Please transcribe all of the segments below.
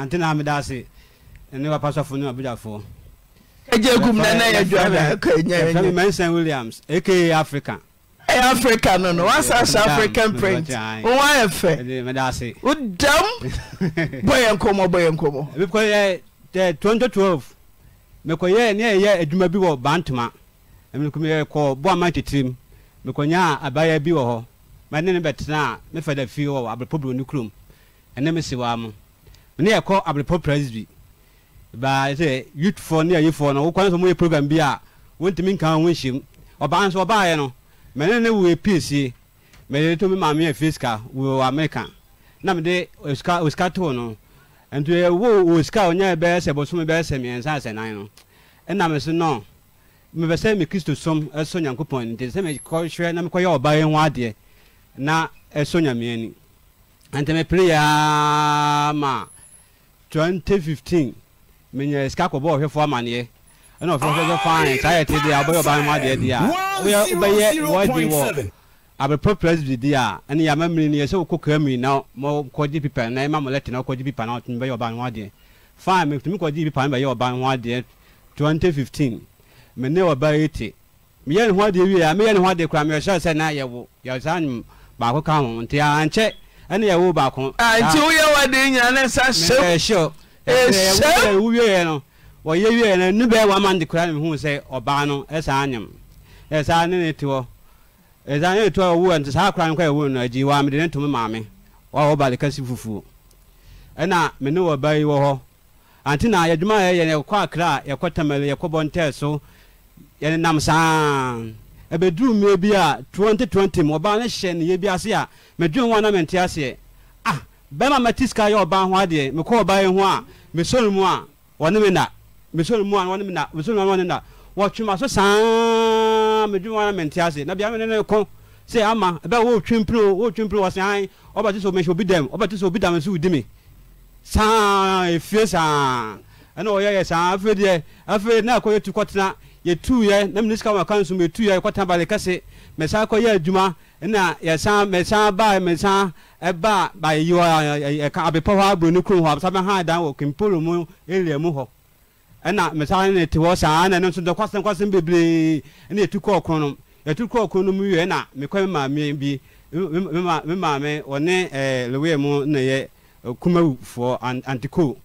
ante na meda ase ne wapa sɔfo ne abudwafoɔ ɛgye gum na na yɛdwamɛkɛnyɛyɛ mensan williams aka africa ɛyɛ africa no no wasasa african print wo ayɛ fɛ meda ase wodam bɔ yɛ nkɔmmɔ bɔ yɛ nkɔmmɔ mekɔyɛ 2012 mekɔyɛ ne ɛyɛ adwuma bi wɔ bantoma mekɔ boama titirim mekɔnya abayɛ bi wɔ hɔ mane ne bɛtena a mefɛ da fie wɔ abrɛpɔ buro ne kurom ɛnam si wa mu ne yɛ kɔ abiripɔ presby baa sɛ youthfoɔ ne ayifoɔ no wokwan sɛ moyɛ program bi a wɔntumi nka ho nhyɛm ɔbaa nso ɔbaayɛ no mɛne ne wo apiesie mɛde to me maame afie sika wɔ amerika na mede osika too no nti wo wɔ sika ɔnya bɛyɛ sɛ bosome bɛyɛ sɛ mmiɛnsa asɛ nan no ɛna me so no mebɛ sɛ me kristo som ɛso nyankopɔn nti sɛ mekɔhwɛ na mekɔyɛ ɔbaa yi ho adeɛ na ɛso nyameani nti mepere yaa ma 2015 menyɛ sika kɔbɔ ɔhwɛfo amaneɛ ɛna ɔfɛ ɔfɛ sɛ fine saa yɛ te deɛ wobɛyɛ ɔban mu adeɛ deɛ a woyɛ wobɛyɛ wɔde wɔ abepɔ presby deɛ a ɛne yɛama mmiri no yɛ sɛ wokɔ kaa mmiri na mɔkɔgye pipa na ɛma e mɔlɛte na wokɔgye pipa na wotumi bɛyɛ ɔban ho adeɛ fine metumi kɔgye pipa no bɛyɛ ɔban ho adeɛ 2015 mene ɔba yi te meyɛ ne ho adeɛ wie a meyɛ ne ho adeɛ koraa meyɛhyɛ sɛ na yɛwo yɛsaa baako ka ho nti ankyɛ ɛne yɛwo baako ah, nti woyɛ wade nyina ne nsa hyɛw ɛhyɛw wowieɛ no wɔyɛ wieɛ no ne bɛɛ wama nde kora ne mehu sɛ ɔbaa no ɛsaa eh, nyem ɛsaa eh, ne ne te hɔ ɛsaa eh, ne ne te hɔ ɔwo nti saa kora no kɔ ɛwo no agyi wɔ mede ne tom maame wɔwɔ bale kasi fufuo ɛna me ne wɔ ba yi wɔ hɔ anti na yɛdwuma yɛyɛ yɛkɔ akra yɛkɔ tamale yɛkɔ bɔntɛɛ so yɛnenam saa ɛbɛduru mmie bi a 2020 mu ɔbaa ne hyɛ ne yɛ bi ase a medwene ho a na mente aseɛ ah bɛrima mate sika yɛ ɔbaa ho adeɛ mekɔ ɔbaa yi ho a mesɔre mu a wɔne me na mesɔre mu a wɔne me na mesɔre mu a wɔne me na wɔtwema so saa medwene ho a na mente ase na bia me ne ne ko sɛ ama ɛbɛ wo twimpiri o wo twimpiri wɔ sɛn ɔba te sɛ omi obi dɛm ɔba te sɛ obi dɛm nso wò di mi saa efie saa ɛna ɔyɛ yɛ saa afei deɛ afei na akɔyɛ yɛtuuyɛ na mene sika ma ka nso mɛtuuyɛ kɔtena bale kɛse mɛsan kɔyɛ adwuma na yɛsan mɛsan baa mɛsan ɛbaa bayɛyiwɔ ɛka abepɔ hɔ aburoni kurom hɔ sa mɛha dan wɔ kimpolo mu area mu hɔ ɛna mɛsan ne te hɔ saa na ɛno nso dɔ kwasɛm kwasɛm bebree ɛna yɛtu kɔɔ kron no yɛtu kɔɔ kron no mu wie na mekɔ me maame bi me maame ɔne ɛɛ eh, lewia mu na yɛ eh, kumawufoɔ antiko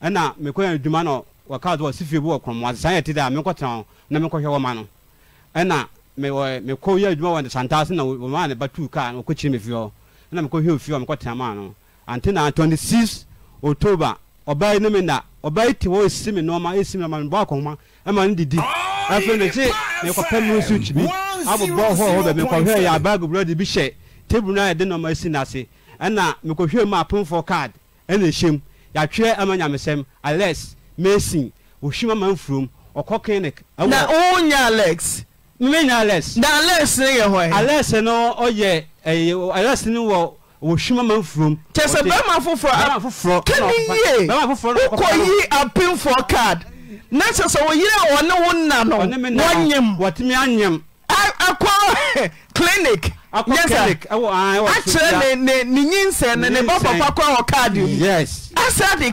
ɛna mekɔ adwuma no wɔkaa so wɔsi fie bi wɔ kɔnmu asesan yɛ ti dɛ a mekɔtena hɔ na mekɔhwɛ wɔ ma no ɛna mekɔ yɛ adwuma wɔ santaase na wɔmaa ne ba tuu kaa na wɔkɔkyiri me fie hɔ ɛna mekɔhwɛ ofie hɔ mekɔtena maa no ante na 26 october ɔbaa yi ne me na ɔbaa yi te hɔ esi me nneɛma esi me nneɛma bɔ akɔnma ɛma ne didi afei ne kye mekɔpɛ mu nsu kyi bi abobɔ hɔ hɔ bɛ mekɔhwɛ yɛ abaa gobra de bi hyɛ table na yɛde nneɛma esi n'ase ɛna mekɔhwɛ mu apemfoɔ card ɛna ehyɛm yɛatwerɛ ama nyamesɛm alex mason ɔhwima ma mfurom ɔkɔ clinic na wonya alex memenya alex na alex no yɛ hɔ alex no ɔyɛ e, alex no wɔ wɔhwima ma mfurom kyɛ sɛ bɛrima foforɔ kane yie wokɔ yi apemfoɔ card na kyɛ sɛ woyere a wɔne wo nna no wɔtumi anyem akɔ clinic yɛsɛ akyerɛ ne ne nyinsɛ ne ne bɔ papa kɔ wɔ kaadi mu asa de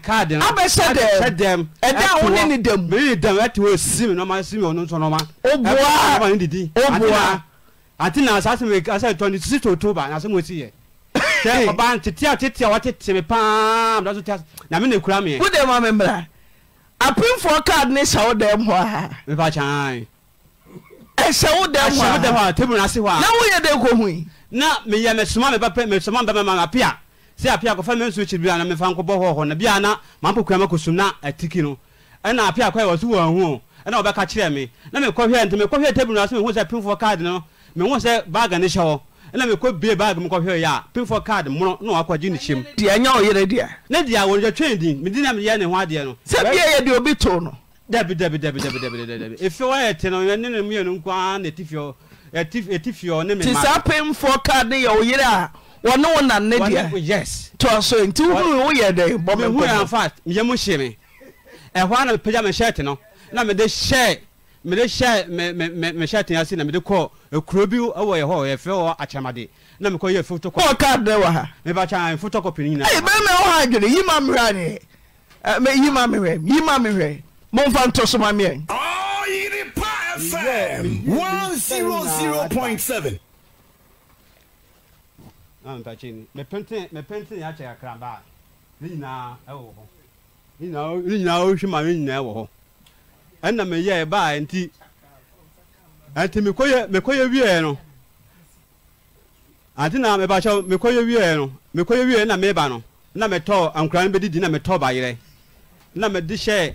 kaadi no abɛhyɛ dɛm ɛdɛ a wone ne dɛm. mii dɛm ɛti o si mi nɔma si mi ɔno nso nɔma. o bua o bua ati na asa se mi asa etɔ ni sisi toto ba na se mo si yɛ. sɛ ɔba tete a tete a wa tete mi paa na so te na mi na ekura mi yɛ. kudema mi mra apinfoɔ kaadi ni hyɛ o dɛm wa. a. mipa kyan ɛhyɛ wo dɛm hɔ a hɔ a table n'ase hɔ a na woyɛ dɛ nkohu yi. na meyɛ mɛsoma mi pɛpɛ mɛsoma mi pɛpɛ maa apia sɛ apia kɔfɛ mi nsu kyi bi ana mefa nkɔbɔ hɔ hɔ na bi ana maa mpɔ kura ma kɔ sum na atiki no ɛna apia kɔ yɛ wɔsi wɔn ɛna ɔbɛka kyerɛ mi na mi kɔhwɛ ntɛ mi kɔhwɛ table n'ase mi hu sɛ pinfoɔ kaadi no mi hu sɛ baagi ne hyɛ ɛna mi kɔ bie baagi mi kɔhwɛ yɛ a kaadi muro na wakɔ gye ne hyɛm. deɛ nyɛ oyere deɛ. ne deɛ wɔn twɛn din mi di na mi yɛ ne ho adeɛ no. sɛ bie yɛ deɛ obi to no dabi dabi dabi dabi dabi dabi efi wa yɛ te no ne ne mmienu nkoa na eti fio eti fio ne mi ma. ti sa pemfo card ne yɛ oyere a wɔne wo na ne deɛ. yes. to aso nti wo wo yɛ dɛ bɔ mi nkɔmɔ. mihu yan fa yɛ mu hyɛ mi ɛhɔ ana pɛgya mi hyɛ te no na mi de share. mi de hyɛ mi mi mi mi hyɛ te ase na mi de kɔ ekuro bi ɛwɔ yɛ hɔ yɛ fɛ wɔ akyamade na mi kɔ yɛ foto kɔ. kɔɔ card ne wa ha. mi ba kya foto kɔpi ni nyinaa. ɛyɛ bɛrɛ mi wɔ ha adwene yi ma mi rɛ ani yi ma mi rɛ yi ma mi rɛ momfa nto so ma meɛ nyinaa wohwe ma me nyinaa wɔ hɔ ɛnna meyɛ ɛbaa nti nti mekɔyɛ wieɛ no ante na mebakyɛ mekɔyɛ wieɛ no mekɔyɛ wieɛ na meba no na metɔ ankora no bɛdidi na metɔ bayerɛ na mede hyɛ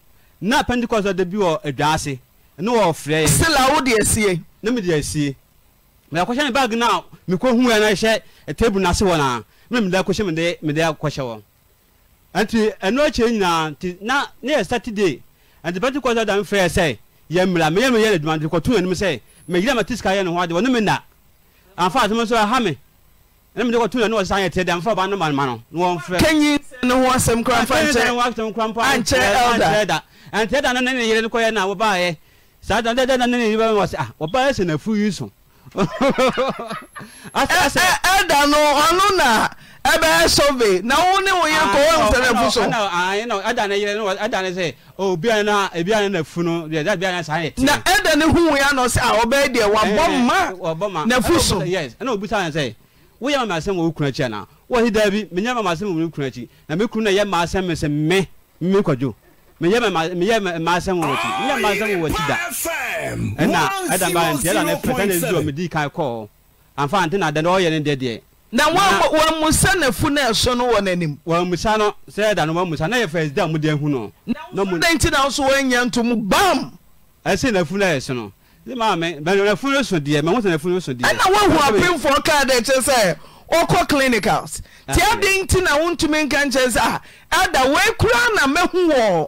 napentecos a biwa da se ne ofasea wodesi es keyi n oe ɛnti ɛda no ne ne yere no kɔyɛ na wɔbaayɛ saa da ɛda no ne ne yere bɛma wɔsɛ ah wɔbaayɛ sɛ nafu yi so ɛda no ɔno na ɛbɛyɛ sɔve na wo ne wo yɛ kɔ wɔn sɛ nafu so ɛda ne yere no ɛda ne sɛ obia na ebia ne nafu no ɛda bia ne saa yɛ ti na ɛda ne hu ya na ɔsɛ a ɔbɛyɛ deɛ wabɔ ma nafu so yes ɛna obisa ne sɛ woyɛ mama asɛm wɔ wo kuna akyi ana wɔsi daabi menyɛ mama asɛm wɔ wo kuna akyi na me kunu na yɛ mama asɛm sɛ me me kwadwo meyɛ mmaasɛm wɔ akyi meyɛ mmaasɛm wɔ akyi da ɛna ɛda baa nti ɛna ne pɛsɛnɛ bi wɔ medi kan kɔɔ amfa ante na dɛn ɔyɛ ne deɛ deɛ na wɔmusa nafu no ɛso no wɔ n'anim wɔmusa no sɛ ɛda no wɔmusa na yɛ fɛs da mode ahu no na wodɛ nti na nso wɔanya ntom bam ɛse eh, nafu e no ɛso no maame nafu no so deɛ mahu sɛ nafu no so deɛ ɛna eh, woahu apemfoɔ kaa dɛ kyerɛ sɛ wokɔ clinicals tiɛ den nti na wontumi nka nkyerɛ ah, sɛ a ɛda woakura na mɛhu wɔ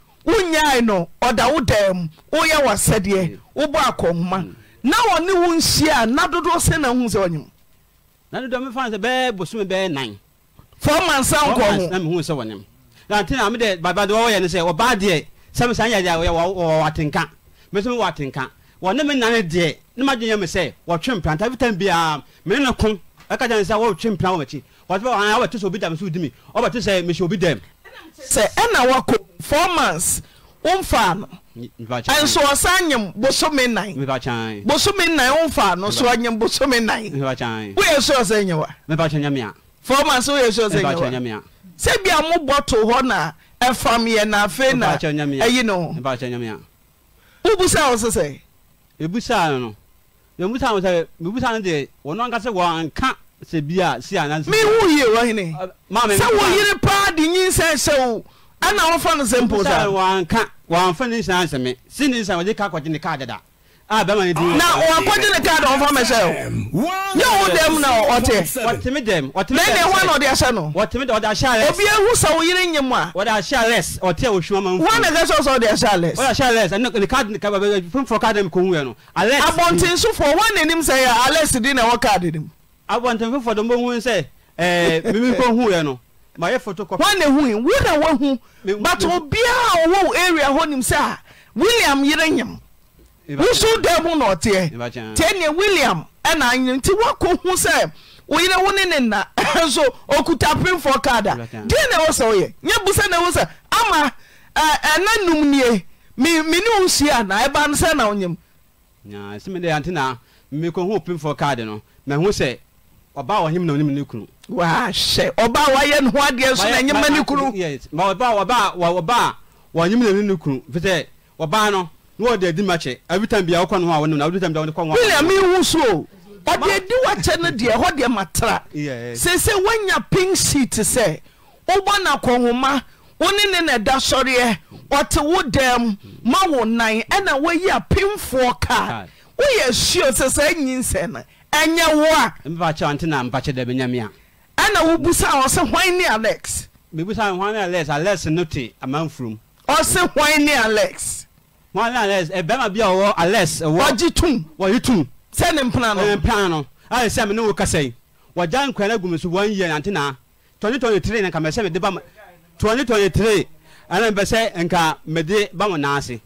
wonyae no ɔda wo daa mu woyɛ w'asɛdeɛ mm. wobɔ akɔnhoma na ɔne wo nhyia na dodoɔ sɛ na hu sɛ ɔnyim na dodoɔ mefa sɛ bɛɛ bosome bɛɛ nan fɔ mansa nkɔ homehu sɛ wɔnyim ntina mede baba de wɔwɔyɛ no sɛ ɔbaa deɛ sɛ me saa yɛ deɛ wɔwɔ atenka me so mewɔ atenka wɔne me nane deɛ ne madwenyɛ me sɛ wɔtwe mpra nta fitam biaa mene ne ko ɛka sɛ ɛna wakɔ four months womfaa no nso ɔsan nyem bosome nan bosome nan womfaa no so ɔnyem bosome nan woyɛ sɛ ɔsɛ nyewa four months woyɛ sɛ ɔsɛ nyewa sɛ bia mo bɔto hɔ na ɛfam yɛ na afei na ɛyi ne ho wobusa wo sesɛ no no mebusa no sɛ mebusa no de wɔno ankasɛ wɔanka sɛ bia si anansi. mi wu yie wɔ hene. maame sɛ wo yiri paa di nyi nsɛn sɛ o ɛna wɔfa no sɛ mpo sa. wɔn ka wɔn fɛn ne nsan sɛmɛ si ne nsan wɔde kaa kɔgye ne kaa dada a bɛma ne dun. na wakɔgye ne kaa dɔn fɔ mɛ sɛ o nye wo dɛm na ɔtɛ. wɔtɛmi dɛm wɔtɛmi dɛm sɛ lɛnɛ wɔn na ɔde ahyɛ no. wɔtɛmi dɛm ɔde ahyɛ alɛs. obi ehu sa o yiri nye mu a. ɔde ahyɛ alɛs ɔtɛ o suma ma n fo. wɔn na ɛkɛ sɛ ɔsɛ ɔde ahyɛ alɛs. ɔde ahyɛ alɛs ɛnna ne kaa fɛn fɔ kaa dɛm ko n wɛ no. alɛs. abɔnten sufo wɔn na anim sɛ yɛ alɛs di na ɛwɔ kaa di nim. abɔntɛmfo fɔdɔm bɛhu sɛ mimi kɔhuɛ no ma mayɛ photocopy wọn na ehu yi wọn na wọn hu but obiara ọwọ area hɔ nim sɛ ah, William yere nyim wusu dan mu na ɔteɛ William ɛna anyim ti wakɔ hu sɛ oyere wo ne ne na nso okuta pinfo kaada deɛ na ɛwɔ sɛ ɔyɛ nye busa na ɛwɔ sɛ ama ɛna num nie mi mi ne nsi a na ɛba no sɛ na ɔnyim. nyaa simi de yanti na mi hu pinfo kaada no mɛ hu sɛ. ɔba wɔhem na onim ne kunu. wahyɛ ɔba wayɛ ne ho adeɛ nso na enyima ne kunu. ma ɔba ɔba ɔba na ne kunu fitɛ ɔba no ne ma kyɛ every time bi a ɔkɔ ne a na every time bi a ɔde kɔ ne ho a. william ihu so ɔde adi wakyɛ no deɛ ɛhɔ deɛ sese wanya pink sheet sɛ na kɔnhoma wone na ɛda sɔreɛ ɔte wo dɛm ma wo nan ɛna w xene ax alx no te amafrom nexmnas a nk gmsyn 323ɛ ka mede bame nase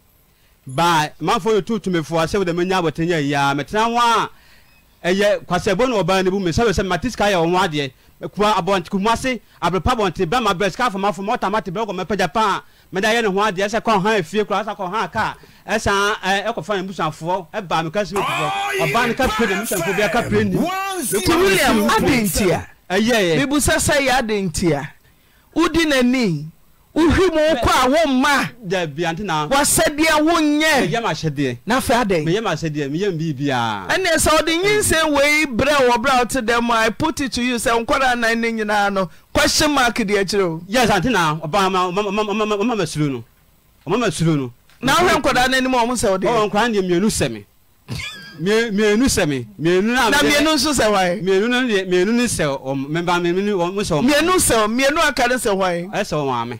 maeto tmfsyea ɛyɛ kwasɛbɔ ne ɔbaa ne bu mi sɛbɛ sɛ mate sika yɛ ɔmo adeɛ kuma abɔnten kuma ase abiripa abɔnten bɛrɛ ma bɛrɛ sika afɔma afɔma ɔtama te bɛrɛ kɔ mɛpɛgya paa mɛda yɛ ne ho adeɛ ɛsɛ kɔn han efie kura ɛsɛ kɔn han kaa ɛsan ɛɛ e, ɛkɔfa e ne busanfoɔ ɛbaa mi kasi mi fufuɔ ɔbaa ne ka pere ne busanfoɔ bi ɛka pere ni. ti william adentia ɛyɛ yɛ bibusa sɛ yɛ adentia wudi n'ani wohwi mu wokɔ a womma wasɛdeɛ wonyɛ na afei adɛn ɛneɛ sɛ ɔde nyinsɛm wei berɛ wɔ berɛ a dɛ mu i put it to you sɛ nkɔda nan no nyinaa no question mark de akyirɛ o na ma nkɔdaa no anim a ɔmo sɛ wodeɛ mmienu sɛme mmienu nso sɛ hwae mmienu sɛ mmienu aka ne sɛ hwae ɛsɛ wɔn ame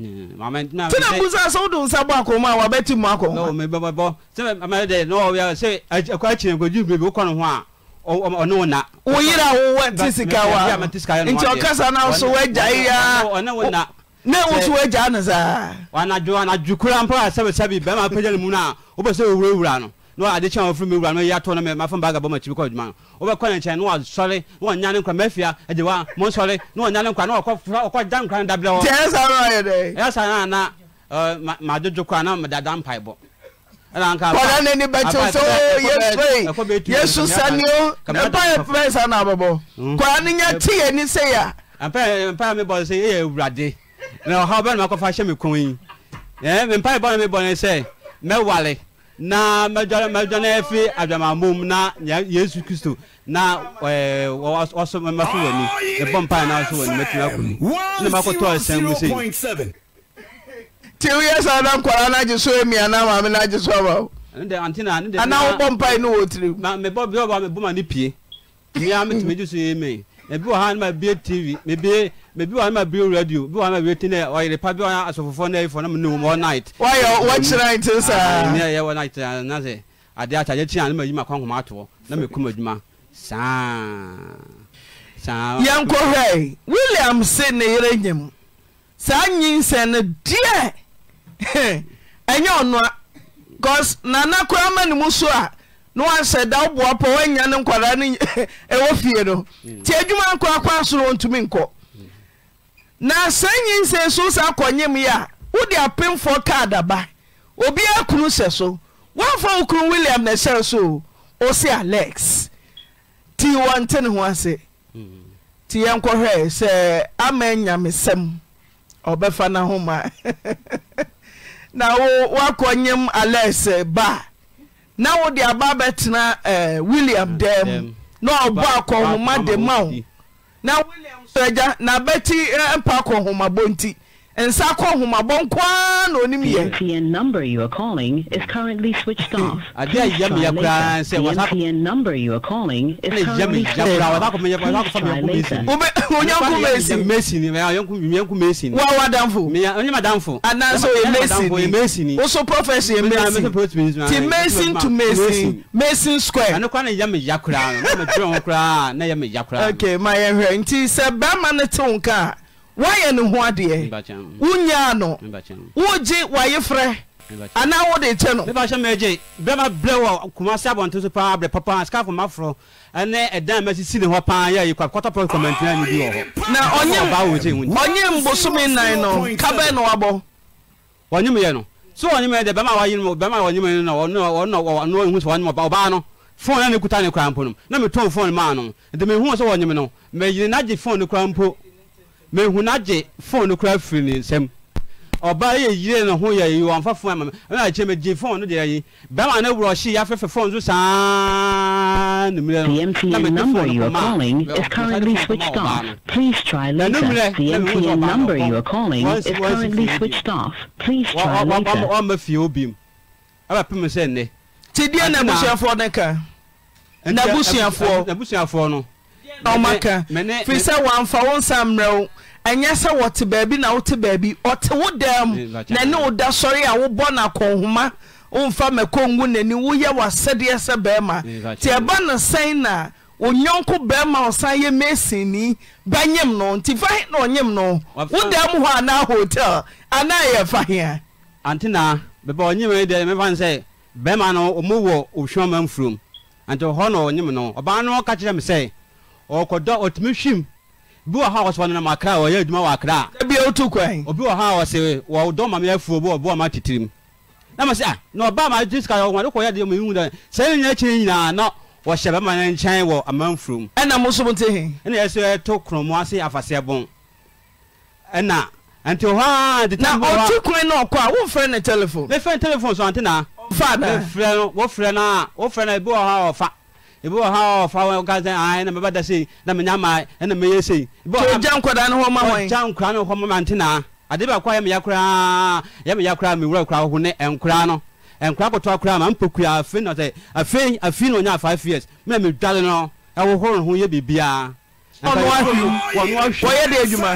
tina musa sɛ wode nsa bɔ akɔ mu a wabɛti mu akɔ hɔ ɔne wo na woyera wowɔ te sika wa nti ɔkasa no so woagyae a ne wo so woagyaa no saa anadwo anadwo kora mpa sɛbɛsɛbi bɛma pɛgya no mu no a wobɛ sɛ wɔwurawura no na ɔyɛ adekyɛ a wɔfiri mi wura no yɛ atɔ no mɛ mafa baaga bɔ ma kyiri kɔ adwuma no wobɛkɔ ne nkyɛn na wasɔre na wanya ne nkwa mafia agye wa mo nsɔre na wanya ne nkwa na ɔkɔ da nkwa no dabrɛ hɔ ɛyɛ sa na ana madwodwo kɔ a na medada mpaebɔ kɔda n'ani bɛkyew sɛ yɛfrɛ yesu saneo ɛpa yɛfrɛ sa na abɔbɔ kɔa no nya te yɛni sɛ yɛ a mpa mebɔ sɛ ɛyɛ awurade na ɔhaw bɛ no makɔfa hyɛ me kɔn yi mpa mebɔ no mebɔ ne sɛ mɛwale na mɛdwa no ɛfi adwamammom na yesu kristo na eh, mɛma so w'ani mebɔ mpae na so w'ani matumi akɔ ni makɔtɔ ɛsɛn mu sei nti woyɛ saa na nkwara no agye so na maame agye so ama ne wɔ ma ne pie gye so ebi wɔ ha ma ebe tv bi wa ma bio radio bi wa ma bio tin na ɔyɛ pa bi wa asɔfofo na efo na mu nu wɔ night. wɔyɛ wɔkyerɛ nti saa. ne yɛ wɔ night na sɛ ade ata yɛ kyinan ma yi ma kɔn kɔn atoɔ na ma ekum adwuma saa saa. yɛn hɛ william se ne yɛrɛ nyɛm saa nyinsɛn no deɛ ɛnyɛ ɔnoa cause nana koraa ma ne mu so a. na wansɛ da woboa pɔ woanya ne nkwadaa no ɛwɔ fie no nti adwuma nkɔ akɔ asoro ɔntumi nkɔ nsa nyise sow sɛ akɔnyim yi a wode apemfoɔ kaada ba obiaa knu sɛ so womfa wo kr william nɛsyɛ sɛo o se alex nti wɔ ntene ho ase nti yɛnkɔɛ sɛ ama nyamesɛm ɔbɛfa n'ohoma na woakɔm alex eh, ba na wode aba bɛtena eh, william dmna ɔbɔ akɔhoma de ma wo sɛgya na bɛti eh, mpa akɔ homabonti nsa kɔ ahomabɔ nkoaa na onim yɛ. VPN number you are calling is currently switched off. Ade a yam ya kura sɛ wasa. VPN number you are calling is currently switched off. Ne yam ya kura wasa kɔmi yam wasa kɔmi yanku mesin. O bɛ o yanku mesin. Mesin ni mɛ yanku yanku mesin. Wa wa danfo. Mi ya onyɛ ma danfo. Ananso ye mesin ni. Mesin ni. Woso professor ye mesin. Ti mesin to mesin. Mesin square. Ani kwan ne yam ya kura. Ne ma dɔn kura. Ne yam ya kura. Okay ma yɛ hwɛ nti sɛ bɛrima ne te nka woayɛ eh, ne ho adeɛ wonyaa no wogye wayefrɛ anaa wode kyɛ no mebahyɛ megye bɛma brɛ wɔ kuma sɛ abɔnte so paa brɛ papa skafo maforɔ ɛne ɛdan a masisi ne hɔ paa yɛ yikwa kɔtɔpɔ kɔmantina ne bi wɔ hɔ na ɔnye mbosome nan no kabɛn na wabɔ wɔnyemyɛ no so wɔnyemɛ dɛ bɛma wɔyene bɛma wɔnyemɛ no ɔno hu sɛ wɔnyem ɔbaa no fone ne kuta ne kora mpo no na metɔn fone maa no nti mehu sɛ wɔnyem no meyere nagye fone ne kora mpo mehu na gye phone kura firi ne nsam ɔbaa yɛ yire ne ho yɛ yi wɔn fa phone ama mi ɛna kyerɛ mi gye phone no deɛ yi bɛrima ne wura ɔhyɛ ya fɛfɛ phone so saa ne mmerɛ no na mi de phone no ma na ne mmerɛ na mi hu ɔbaa no wɔn wɔn wɔn wɔn ma fie obi mu ɛbɛ pɛm sɛ nne. tidiɛ na abusuafoɔ ne ka na abusuafoɔ na abusuafoɔ no. na ɔmaka firi sɛ wɔamfa wo nsa mmerɛ wo ɛnyɛ sɛ wɔte baabi na wote baabi ɔte wo daa mu na ne wo da sɔre a wobɔ no akɔnhoma womfa makɔngu n'ani woyɛ w'asɛdeɛ sɛ bɛrima nti ɛba no sɛn na onyɔnko bɛrima ɔsan yɛ mesini bɛnyem no nti fa he na ɔnyem no wodaa mu hɔ anaa hotel anaa yɛ fa hea na bɛbɛ ɔnyem deɛ mɛfa ne sɛ bɛrima no ɔmu wɔ ohwama mfurom anti hɔ na ɔnyem no ɔbaa no ɔka kyerɛ me sɛ ɔkɔdɔ ɔtumi hwim bi wɔ ha ɔsɛ na akra ɔyɛ adwuma wɔ akra a. ebi otu kwan. obi wɔ ha ɔsɛ ɔdɔ maame afuo bi ɔbɔ ɔma titirim na ma sɛ a ah, na ɔbaa ma adi sika ɔmɔde kɔ deɛ ɔmɔ dɛ sɛ ɛnyɛ kyerɛ nyinaa na wɔhyɛ bɛma ne nkyɛn wɔ amanfurom. ɛna mo so mo te he. ɛna yɛ sɛ ɛto kɔnmu ase afaseɛ bɔn ɛna nti hɔ aa hɔ a. na ɔtu kwan na ɔkɔ a wofrɛ ne ne so na. ɔfa na. mefrɛ no wofrɛ na wofrɛ na ebi wɔ ha ɔfa. ebha fawkasɛ na mɛbada sei na menya ma ɛna ma ma bɛ kɔ ne no kɔtɔ ma na sɛ afei afei na ɔnya five years mena medwale no ɛhohoro ne ho yɛ biribiaa wɔyɛ de adwuma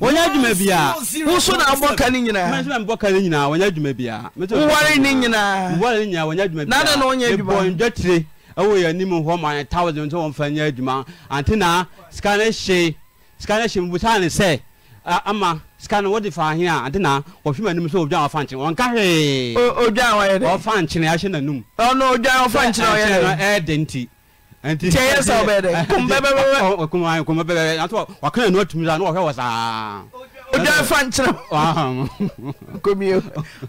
wɔnyɛ adwuma biaa woso na abɔ ka ne nyinaamɛbɔ ka ne nyinaa wɔnyɛ adwuma biaa nyinaa nyinaa wɔnyɛ adwuma na ɛwɔ yɛn anim hɔ ma ne thousand nso wɔn fɛ nyɛ adwuma ante na sika ne hye sika ne hye mbusa ne sɛ ama sika no wɔde fa ahene a ante na wɔhwɛ mu anim sɛ odwan wɔfa nkyene wɔnka hwee odwan wɔyɛ dɛ wɔfa nkyene ahyɛ n'anum ɔno odwan wɔfa nkyene ɔyɛ dɛ ɛɛdɛ nti nti tiɛ yɛ sɛ ɔbɛɛ dɛ kumbɛbɛbɛbɛ kumbɛbɛbɛ wakana nu atumi sa na wɔhwɛ wɔ saa ojú afa nkyerɛ komie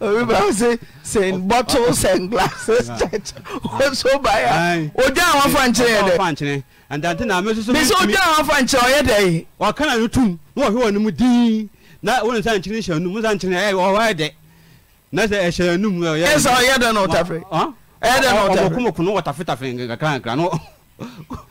obi bá sɛ sɛn bottles and glasses church woso báyà ojú àwọn afa nkyerɛ yɛ dɛ ndante na ame soso. bisɛ ojú àwọn afa nkyerɛ ɔyɛ dɛ. wakana no tum na wɔhwɛ wɔn mu dii na wɔn nsa nkyerɛ hyɛ num nsa nkyerɛ ɛyɛ ɔyɛ dɛ na sɛ ɛhyɛ num ɔyɛ. ɛsɛ ɔyɛ dɛ na ɔtafere. ɛyɛ dɛ na ɔtafere. ɔmɔkumɔkun wɔtafetafere nkankan nkankan.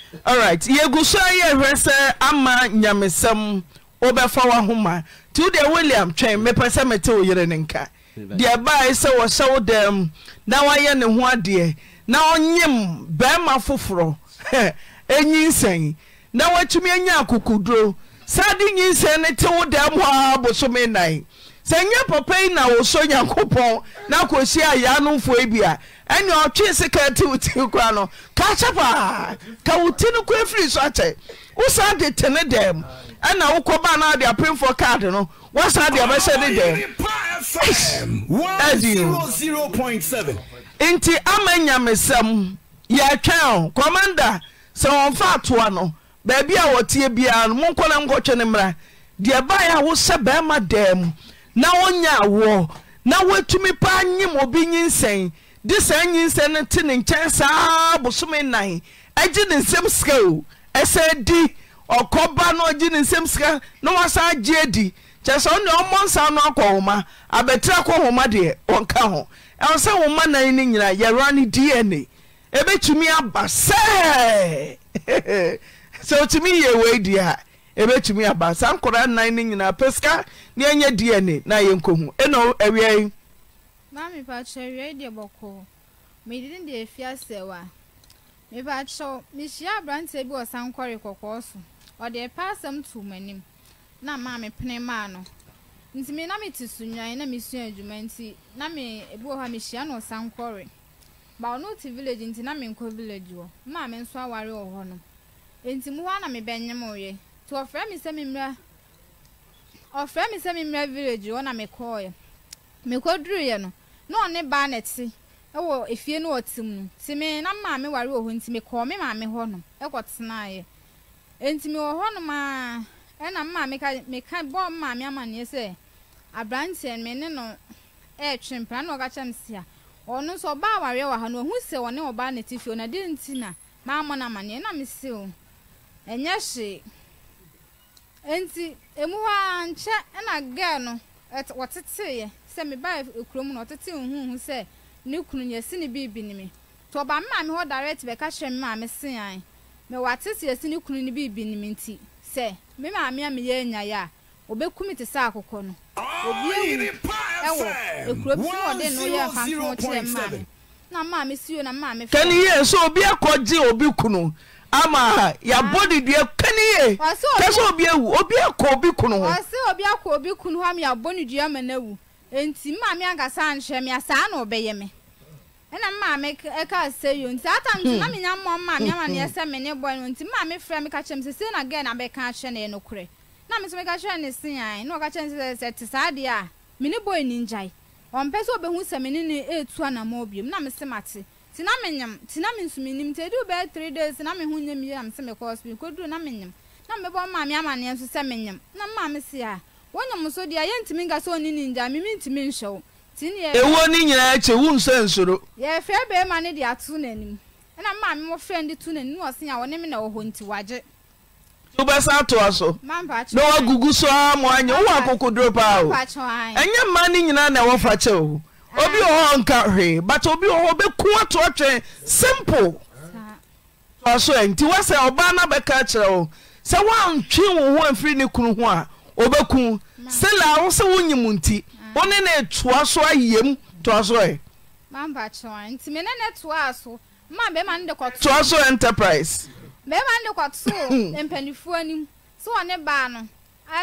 alright yɛgu so a yɛhwɛ ama nyamesɛm wobɛfa woaho ma nti wodeɛ william twɛn mepɛ sɛ mete oyere yere ne nka deɛ bae sɛ wɔhyɛ wo dɛm na woayɛ ne ho adeɛ na ɔnyem barima foforɔ ɛnyinsɛn na woatumi anya akokoduro saa de nyinsɛn ne te wo dɛm hɔ a bosome nan sɛ papa yi na wɔsɔ nyankopɔn na kɔsi ayaa nomfoɔ bi a ɛnea ɔtwee seka te wo tiri no ka paa ka wo ti no koa firi so akyɛ wosan de te ne dɛm ɛna wokɔ baa na ade apemfoɔ card no woasan de abɛhyɛ ne dɛm nti ama nyamesɛm yɛatwɛn o kɔmanda sɛ wɔmfa atoa no baabi a wɔteɛ biara no monkɔ na nkɔtwe ne mmara deɛ baeɛ a wosɛ bɛrima dɛm na wonya awoɔ na woatumi paa nyim obi nyinsɛn de saa nyinsɛn no te ne nkyɛn saa bosome nan agye ne nsɛm sika o ɛsɛ di ɔkɔba na ɔgye ne nsɛm sika na wasan agye adi kyɛ sɛ ɔne ɔmmɔ nsa no akɔ homa nan no dna ɛbɛtumi aba sɛ sɛ ɔtumi yɛ wei deɛ a ɛbɛtumi aba saa nkɔraa nnan no nyinaa pɛ sika ne ɛnyɛ dna na yɛ nkɔhu ɛna awiai medin deɛ fi asɛw a mebakyɛw mehyia aberanteɛ bi wɔ sankɔre kɔkɔɔ so ɔde ɛpɛ asɛm too m'anim na maa mepene maa no nti na mete so nwan na mesua adwuma nti na me ebi wɔ hɔ a mehyia no ɔsankɔre ba ɔno te village nti na menkɔ village hɔ maa me nso aware wɔ hɔ no enti mu hɔ a na mebɛnyem yɛ nti ɔfrɛ me sɛ ɔfrɛ sɛ village na mekɔɔeɛ mekɔduruiɛ no na ɔne baa na ɛte ɛwɔ efie no ɔte mu na maame ware wɔ hɔ nti mekɔɔ me maame hɔ nti hɔ nom a ɛna maame ka meka bɔɔ maame amanneɛ sɛ aberanteɛ me ne no ɛretwe mpira na ɔka si a ɔno nso ɔbaa awareɛ wɔ ha no sɛ ɔne ɔbaa na ɛte fie na de na maamɔ na nti emu hɔ a nkyɛ ɛna girl no ɛt wɔteteeɛ sɛ mebaa e-, kurom no ɔtetee huhu sɛ ne kunu yɛsi ne biribi ne mi tɔ ɔba maame hɔ direct ka kyerɛ me maame se an mɛ wɔatete yɛsi ne kunu ne biribi ne mi nti sɛ me maame a meyɛ anya yɛ a ɔbɛkum te sa akokɔ no obi ewu ɛwɔ ekuro bi na ɔde no yɛ fanfan kyerɛ maame na maame si yio na maame fɛ. kẹ́ni yẹ́ sọ obi akɔgye obi kunu. ama yɛabɔ ah. ne dua kane yekɛ kese obi ewu obi akọ obi kono hoɔsɛ nti maa me ya nkyerɛ me asaa na ɔbɛyɛ me maa yo ata na hmm. menya mmɔ maa me ama hmm, neɛ hmm. me ne no nti maa me ka na gɛ na bɛka akyerɛ ne nokorɛ na me so meka ne se ae na ɔka ne ɔmpɛ sɛ na me mate tina menyam tina me nso menim ube edu bɛyɛ three days na me ho ya mi yam sɛ mekɔ hospital koduru na menyam na mebɔ maame nso sɛ na maame si a wɔnyam so deɛ yɛntumi nka sɛ ɔne ne ngya mimi ntumi nhyɛ wo ewuo ne nyinaa akyi wu nsɛ nsoro. yɛfrɛ bɛrima no de ato n'anim ɛna maame mo frɛ de to n'anim na ɔsen a wɔne me na ɔhɔ nti wagye. wobɛsa atoa so na wagugu so a mo anyɛ wowɔ akokoduro paa o ɛnyɛ mmaa nyinaa na ɛwɔfa kyɛ o obi wɔ hɔ nka hwee but obi wɔ hɔ bɛku atoɔtwɛn simple ɔso nti woasɛ ɔbaa no bɛka kyerɛ wo sɛ woantwe wo ho amfiri ne kunu ho a ɔbɛku selaa wo sɛ wonyim nti wo ne ne ɛtoa so ayam toa soɛ toa so enterprise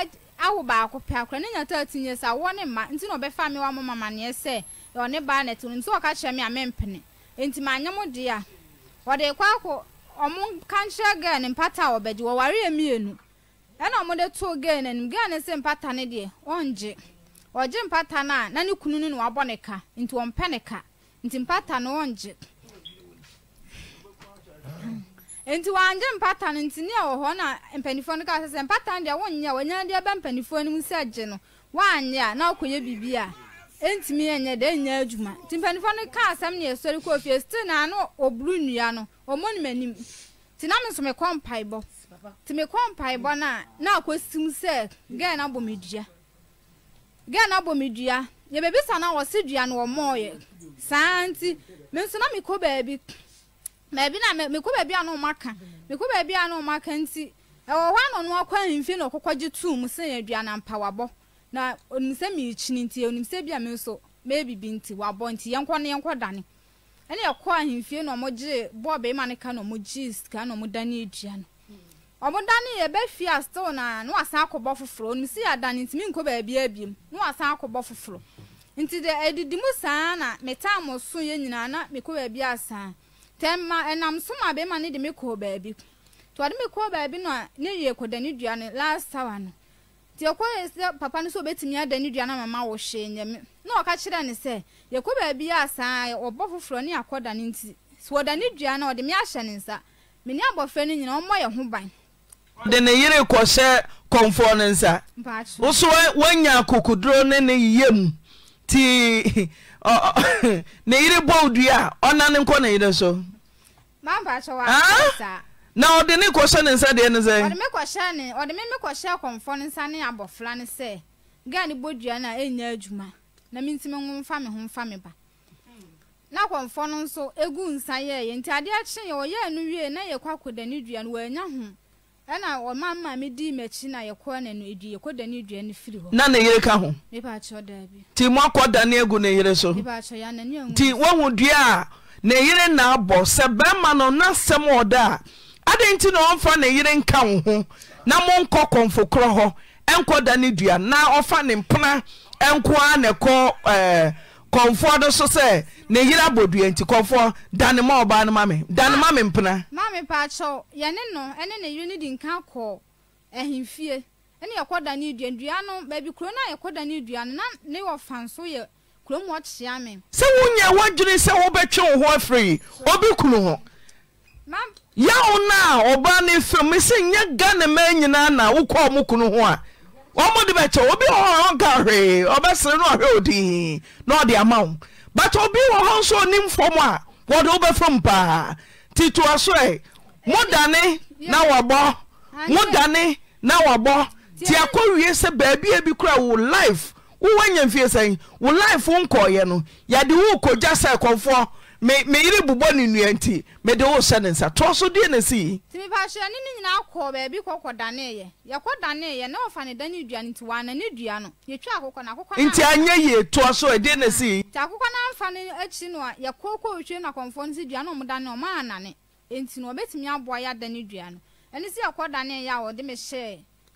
awo baako pɛ akora ne nya 13 years a wɔ ma nti na ɔbɛfa me wa mo mamaneɛ sɛ ɔne baa na ɛte no nti ɔka kyerɛ me a mempene nti manyɛ mo deɛ a wɔde kɔ akɔ ɔmo kankyerɛ girl ne mpata a ɔbɛgye wɔwareɛ mmienu ɛna ɔmo de too girl n'anim girl ne se mpata ne deɛ ɔngye ɔgye mpata no na ne kunu no na wabɔ ne ka nti ɔmpɛ ne ka nti mpata no ɔngye nti wangye mpata no nti ne a wɔ hɔ na mpanimfoɔ no kaa sɛ mpata no deɛ wonyɛ wɔnyɛ deɛ bɛ mpanimfoɔ no mu sɛ gye no wanyɛ a na ɔkɔyɛ biribi a ntumi ɛnyɛ dɛ nyɛ adwuma nti mpanimfoɔ no kaa asɛm ne ɛsɔre kɔ fie still na ano oburu nnua no ɔmo nim anim nti na me nso mekɔ mpaebɔ nti mekɔ mpaebɔ no a na akɔsim sɛ gɛɛ na abɔ me dua gɛɛ no abɔ me dua yɛ baabi sa na a dua no wɔmɔɔyɛ saa nti me nso na mekɔ baabi baabi na mekɔ baabi a no ɔmo aka mekɔ baabi a no ɔmo aka nti ɛwɔ hɔ a na ɔno akɔ ahemfie na ɔkɔkɔgye tum sɛ yɛ dua na mpawabɔ na onim sɛ merekyini nti onim sɛ bi a me nso meebibi nti wabɔ hmm. nti yɛnkɔ ne yɛnkɔ dane ɛne ɛkɔ ahemfie na ɔmogye bɔɔ bɛrima no ka na ɔmogyee sika na ɔmodane adua no ɔmodane yɛbɛfie a still na na wasan akɔbɔ foforɔ onim sɛ yɛadane nti menkɔ baabi abiem na wasan akɔbɔ foforɔ nti dɛ adidi mu saa na metaa mo so yɛ nyinaa na mekɔ baabi asaa tɛma ɛnam so ma bɛrima no de mekɔɔ baabi nti ɔde mekɔɔ baabi no a ne yɛ kɔda ne dua no last hour no nti yɛ sɛ papa no sɛ obɛtumi ada ne dua no mama wɔ hyee nyame na ɔka kyerɛ ne sɛ yɛkɔ baabi a saa ɔbɔ foforɔ ne akɔda no nti sɛ wɔda ne dua no ɔde me ahyɛ ne nsa mene abɔfra no nyina ɔmmɔ yɛ ho ban ɔde ne yere kɔhyɛ kɔmfoɔ no nsa wo so woanya akokoduro ne ne yam ti ne yere bɔɔ dua a ɔna ne nkɔ ne yere so mampakyɛ wɔ na ɔde ne kɔhyɛ dị nsa deɛ ne sɛɔde me mekɔhyɛ akɔmfɔ no nsa ne abɔfra no sɛ ga ne bɔdua no a ɛnya adwuma na mentimi wo mfa me ho mfa me ba na akɔmfɔ no nso ɛgu nsa yɛɛyɛ nti adeɛ kye yɛ ɔyɛɛ enu wie na ya yɛkɔ akɔdane dua no waanya ho ɛna ɔma ma medii m'akyi na yɛkɔ na no ɛdi yɛkɔdane dua no firi hɔ na ne yere ka ho nti moakɔ dane agu ne yere so nti woahu dua a ne yere na abɔ sɛ bɛrima no na sɛm ɔda a adịghị nti na ɔmfa ne yere nka wo ho na monkɔ kɔmfokorɔ hɔ ɛnkɔ da ne dua na ɔfa ne mpena ɛnko a ne eh, kɔ kɔnfoɔ do so sɛ ne yere nti dane ma ɔbaa no dane ma nka yɛkɔ da ne dua dua no kuro yɛkɔ da ne dua no na ne nso yɛ sɛ sɛ wobɛtwe obi kunu ho yaw no a ɔbaa no fem sɛ nyɛ ghana ma nyinaa na wokɔɔ mo kunu ho a ɔmode obi wɔ hɔ ɔnka hwee ɔbɛsere no na ɔde ama wo but obi wɔ hɔ nso onim fam a wɔde wobɛfam paa nti toa modane na wabɔ modane na wabɔ nti akɔ wie sɛ baabia bi koraa wo life wowɔ sɛn wo life no yɛde me me yiri bubɔ ne nua nti me de o hyɛ ne nsa tɔ so die na si. tìmípa hyɛ ne ne nyinaa kɔ baabi kɔkɔ danee yɛ yɛkɔ danee yɛ ne wɔfa ne dan dua ne ti wa na ne dua no yɛtwa akokɔ na akokɔ naa. nti anya yie tɔ so die na si. nti akokɔ naa nfa ne akyi no a yɛkɔ kɔ otwe na kɔnfɔ ne si dua na ɔmo dane ɔmo anane nti na ɔbɛtumi aboa yɛ adan ne dua no ɛne si yɛkɔ danee yɛ a ɔde me hyɛɛ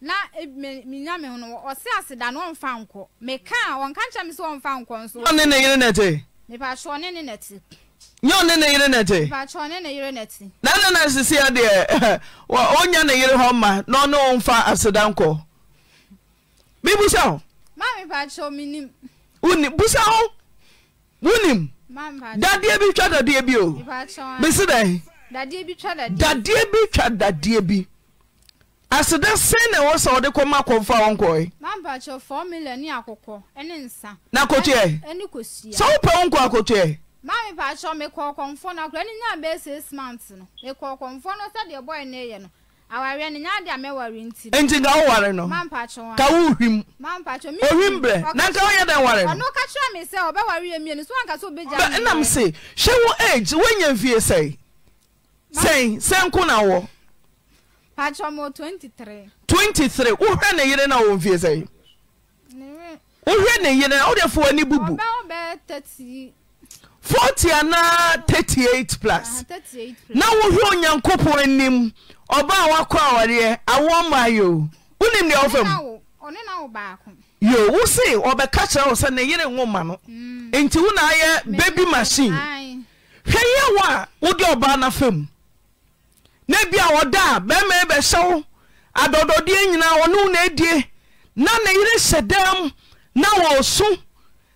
na eh, menyame ho no ɔse aseda no ɔmfa nkɔ mekaa ɔnka nkyɛ me sɛ ɔmfa nkɔ nso ɔne ne yere nɛte mepakyɛ ɔne ne nɛte nyɛ ɔne ne yere nɛte mepakyɛ ɔne ne yere nɛte na ne na sisi adeɛ ɔnya ne yere hɔ ma na ɔne ɔmfa aseda nkɔ bibu sɛ ho ma mepakyɛ nim. wonim busa ho wonim dadeɛ bi twa dadeɛ bi o bisi dɛn dadeɛ bi twa dadeɛ bi aseda sɛn na ɛwɔ sɛ wode kɔma akɔmfo a na akɔtuɛ sɛ wopɛ wo nkɔ akɔtuɛ maame paakyɛ mekɔ ɔkɔmfo no akora ne nyaa bɛɛ six months no mekɔ ɔkɔmfo no sɛdeɛ bɔe ne yɛ no awareɛ no nyaa de a mɛware nti nti nka woware no ka wohwim na nka woyɛ dɛn ware no ɔno ka kyerɛ me sɛ ɔbɛware yɛ mmienu so anka sɛ obɛgya nam se hwɛ wo age na wɔ 23 wohwɛ ne yere no a wɔmfie sɛ wohwɛ ne yere wode fo bubu 40 anaa 38 na wohwɛ onyankopɔn anim ɔba a awareɛ ma yoo wonim deɛ wofam yo wo se ɔbɛka kyerɛ wo sɛ ne yere wo no mm. enti wo machine hwɛ yɛ na bia wɔda a bɛima bɛhyɛ wo adɔdɔdeɛ nyinaa ɔne wo na ne yere hyɛ dam na wɔsu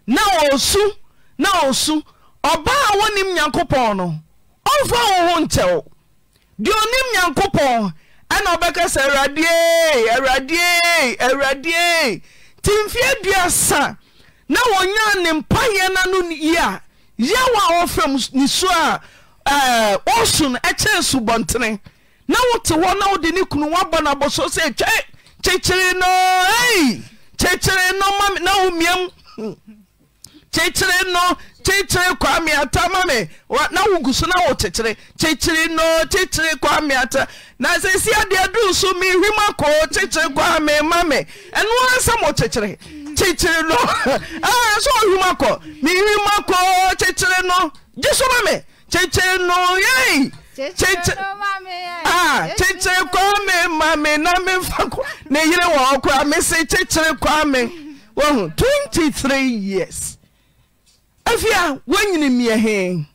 na ɔsu na ɔsu ɔbaa a wɔnim nyankopɔn no ɔmfa wo ho nkyɛwo deɛ ɔnim nyankopɔn ɛna ɔbɛkɛ sɛ awuradee awuradee awuradee nti mfeɛ duasa na wɔnyaa ne mpayɛ na no yia a yɛwo a wɔfrɛ m a Eh, woso no ɛkyɛɛ subɔntene na na wode ne kunu woabɔ no abɔso sɛ twɛ kyekyere no kyekyere na kyekyere kyekyere ma na wogu so na wokyekyere kyekyere no kyekyere kwa na sɛ si adeɛ duru so kyekyere cecere no ei kyekyere kwaa me na memfa ko ne yere wɔ ọkụ mese kyekyere kwaa me wɔhu 23 years efi a woanyini mmiɛ he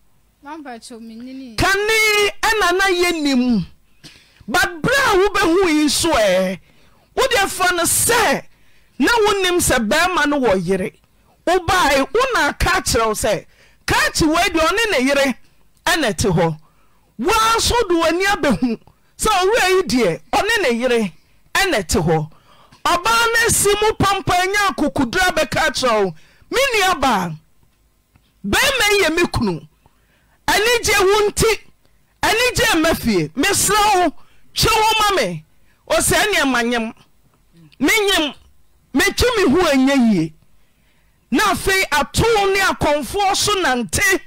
kane ɛna na yɛ nim but a wobɛhu yi so ɛ wode fa no sɛ na wonim sɛ bɛrima no wɔ yere wobae wona ka kyerɛ sɛ ka kye woadi ɔne ne yere ɛnɛ te hɔ woa nso de w'ani hu sɛ ɔwerɛ yi deɛ ɔne ne yere ɛnɛ te hɔ ɔbaa no si mu pampa nya akokodura bɛka kyerɛ wo me nuabaa bɛima yi yɛ me kunu anigye wo nti anigye mma fie meserɛ wo twɛ wo ma me ɔsɛ ɛneɛ ma nyem menyem metwi me ho anya yie na afei atoo ne akɔmfoɔ so nante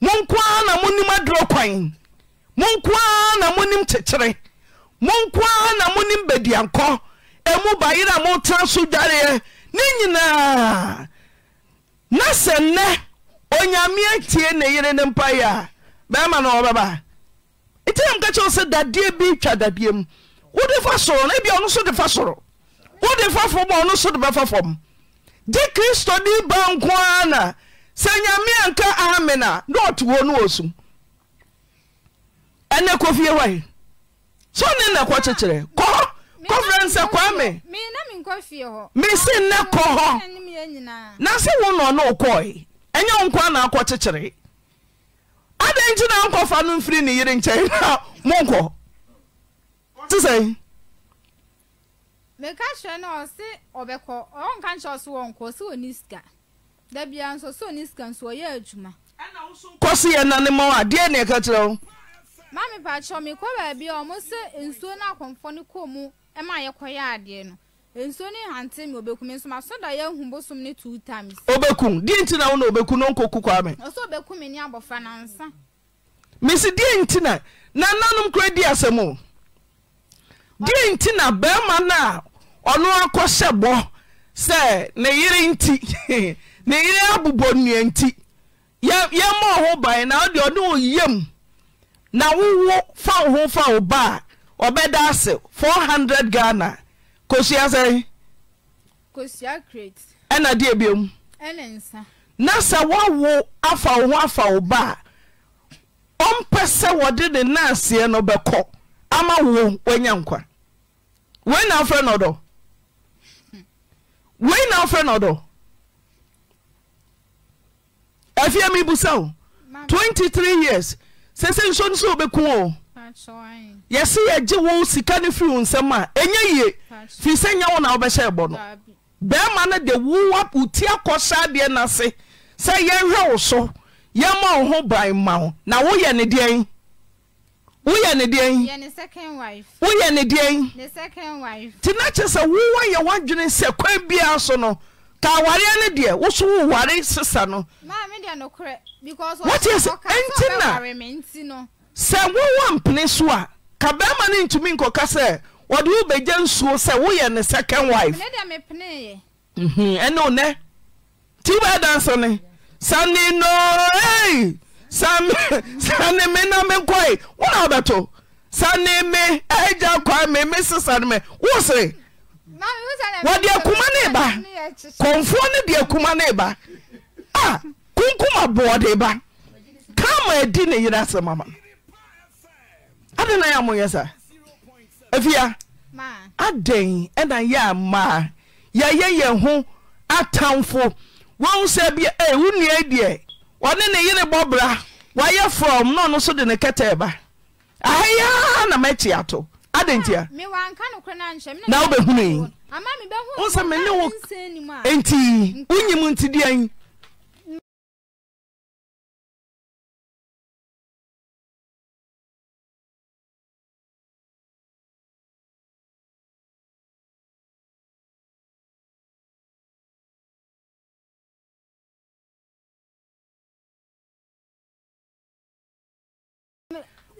monko na monim adurɔ kwan monko na monim kyekyere na monim badiankɔ ɛmu bayere a motera so dwareɛ ne nyinaa na sɛ nnɛ onyame tie ne yere ne mpaeɛ a bɛrima na wɔbɛba ɛtinam ka kyɛwo sɛ dadeɛ bi twa dadeɛ mu wode fa soro na bia ɔno so de fa soro wode fa fam a ɔno so de bɛfa fam gye kristo ba nko ara na sɛ nyame anka ahamen na ɔte wɔ no wɔ sum ɛnɛ kofie hɔe sɛ ɔne nɛ kɔ kyekyerɛ kɔ kɔfrɛ n sɛ kwa me mese nnɛ kɔ na sɛ wo nɔ ɔne na akɔ kyekyere adɛn nkyi na nkɔfa no mfiri ne na monkɔ te sɛ meka kyerɛ no ɔse ɔbɛkɔ ɔnka nkyɛ ɔso wɔnkɔ sɛ ɔni dabia nso so ne sika nso ɔyɛ adwuma kɔ so yɛ nane ma a deɛ ne ɛka kyerɛ wo ma mepa kyerɛ mekɔ baabi a ɔmo sɛ nsuo no akɔmfɔ no kɔ mu ma yɛkɔyɛ adeɛ no nsuo no hante me obɛkum nso masɔ da yɛahu bosom no two times obɛkum deɛ nti na wo na obɛku no nkɔku kwa me ɔsɛ obɛku me ne abɔfra nansa mesi deɛ nti na nananom kora di asɛm o deɛ nti na bɛrima no a ɔno akɔhyɛ bɔ sɛ ne yere nti na yere abobɔ nnua nti ya ɔ ọhụụ na ọ dị ɔyam na m fa wo fa wo a ɔbɛda 400 ghana kosua sɛ ɛna deɛ na dị woawo afa wo afa wo a ɔmpɛ sɛ wɔde ne naaseɛ ama nkwa na afrɛ no dɔ hmm. na afie mibusa wo 23 years sɛsɛ nso no sɛ wobɛku o yɛse yɛgye wo sika no firi wo nsɛm a ɛnyɛ yie firi sɛ nyɛ wo na wobɛhyɛ ɛbɔ no bɛrima no de wowa woti akɔ saa deɛ no ase sɛ yɛnhwɛ wo so yɛma wo ho ban ma wo na woyɛ ne deɛn woyɛ ne deɛn woyɛ ne deɛn nti na kyerɛ sɛ wowa yɛ woadwene sɛ kwan biara so no ka awareɛ no deɛ woso woware sesa no wotiɛ sɛ ɛnti na sɛ wowa mpene so a ka bɛrima no ntumi nkɔka sɛ wɔde wobɛgya nsuo sɛ woyɛ ne second wife mhm, ɛne wo nɛ nti wobɛyɛ dansa ne sane noei sane me na menkɔe wona wobɛto sane me agya kwa me me sesa no me wo sere wɔde akuma no ba kɔnfoɔ no de akuma no ba a konkum aboɔde ba kama adi ne yera asɛm ama adɛn na yɛ amoyɛ sa afia adɛn ɛna yɛ amaa yɛyɛ yɛn ho atamfo wɔhu sɛ bia eh, wo nnua deɛ ɔne ne yere bɔbra wayɛ frɔm na ɔno so de ne kɛtɛ ba ahɛyaa na mɛkyi ato adɛn ntia na wobɛhunu yi wo sɛ mene wo enti wonyim ntideɛn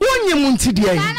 wonyim ntideɛn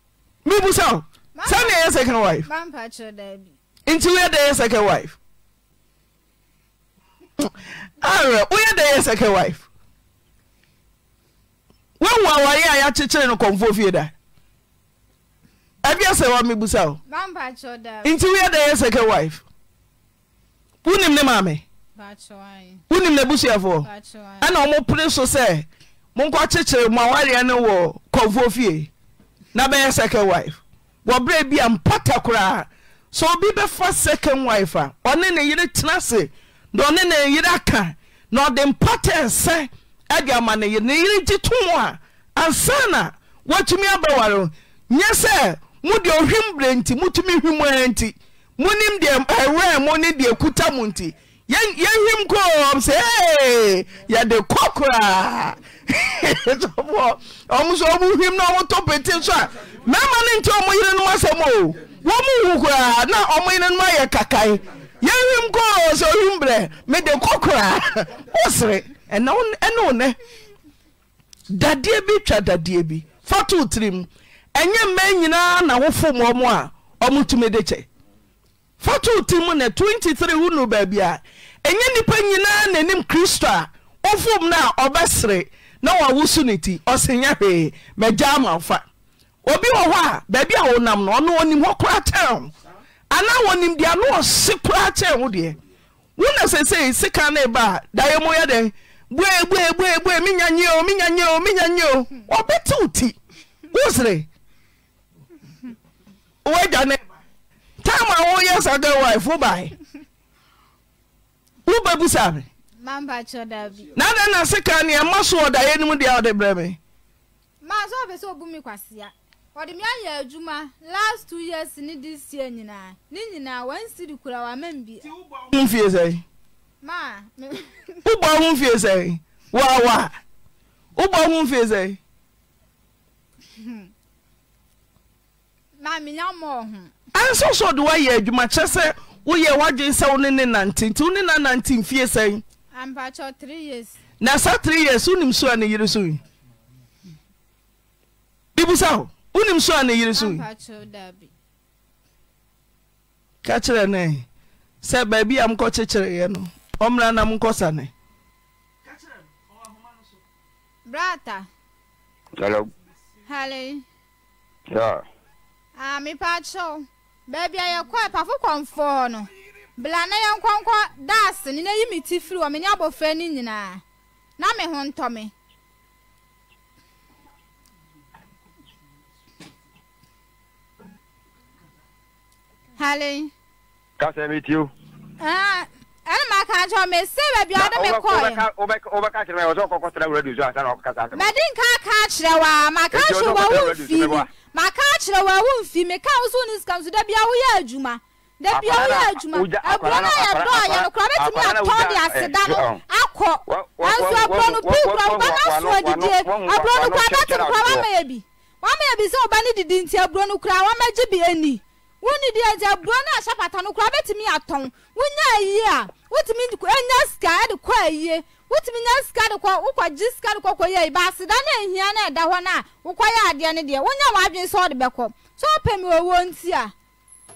mebu sa sɛne ɛyɛ second wife nti woyɛ de yɛ second wife awerɛ woyɛ de yɛ second wife woahu awareɛ a yɛakyekyere no kɔmfoɔ fie da abia sɛ wa mebu sa o nti woyɛ dɛ yɛ second wife wonim ne maame wonim ne busuafoɔ ɛna ɔmo pere so sɛ monkɔ kyekyere mo awareɛ no wɔ kɔmfoɔ fie na bɛyɛ second wife wɔberɛ bi a mpata koraa so obi bɛfa second wife a ɔne ne yere tena se na ɔne ne yere aka na ɔde mpata ɛsɛ ade ama ne yere ne yere gye to ho a ansa na woatumi abɛware nyɛ sɛ modeɛ ohwim berɛ nti motumi hwim ara nti monim deɛ ɛwerɛ eh, mo ne deɛ kuta mo nti yɛhwim kɔɔm sɛ yɛde kɔ koraa ɔmo so ɔmo hwim na ɔmotɔ peti nso a mɛrima no nti ɔmo yerenom asɛm o wɔmo wụ koraa na ɔmo yerenom ayɛ kakae yɛhwim kɔɔ sɛ ɔhwim berɛ mede kɔ koraa wosere ɛne wo nɛ dadeɛ bi twa dadeɛ bi fa too tirim ɛnyɛ mma nyinaa na wofom ɔmo a ɔmotumi de kyɛ fa too tirim ne 23 wo nu baabi a ɛnyɛ nnipa nyinaa nanim kristo a wofom no a ɔbɛsere na wawoso no ti ɔsenyɛ hwee magya amamfa obi wɔ hɔ a beebi a wonam no ɔno ɔnim hɔ kora kyɛn wo anaa wɔnim deɛ ano ɔse kora kyɛn wo deɛ wona sesei sika ne ba a daeɛ mu yɛ dɛn o menyanyeo menyanyeo menyanyeo o wo ti wo sere woagyane time a woyɛ sa girl wife wo bae wobabu sa me na adɛ na se ka nea ma so ɔda yɛ nom deɛ ɔde brɛ me maso ɔpɛ sɛ ɔbu me kwasea ɔde me ayɛ adwuma last two years ne this year nyinaa ne nyinaa wansiri kura wamam bi ho fie sɛ ma wobɔ ho fie sɛ wawa wobɔ ho fie sɛ ma menya mmɔɔ ho ansɛ sɛ ɔde woayɛ adwuma kyerɛ sɛ woyɛ woagye sɛ wo ne ne nante nti wo ne na nante mfie sɛn na sa tiri years wonim so a ne yere so yi bibusa ho wonim so a ne yere so yi ka kyerɛ ne sɛ baabi a mkɔ kyekyereeɛ no ɔmmra na mnkɔ sa ne brata hello hale yeah ah me pa cho baabi a yɛkɔ pafo bea nayɛnknkɔ dasene nyi metefiri w mene abfane nyinaa na mehotɔmeɛe biada kerɛ w akyerɛwmfi mka wnsdi woyɛ auma dabi ɔyɛ adwuma aburo no yɛ dɔ yɛ no kora bɛtumi atɔ de aseda no akɔ nanso aburo no pii kora ɔba no asoɔ didie aburo no kora bɛtumi kora wama yɛ bi wama yɛ bi sɛ ɔba no didi nti aburo no kora wama gye bi ani wonni di ɛdi aburo no ahyɛ pata no kora bɛtumi atɔn wonya ayie a wotumi enya sika ɛde kɔ ayie wotumi nya sika de kɔ wokɔ gye sika de kɔ kɔ yie ba aseda no ehia no ɛda hɔ no a wokɔ yɛ adeɛ no deɛ wonya wɔn adwene sɛ ɔde bɛkɔ so ɔpɛ mi a.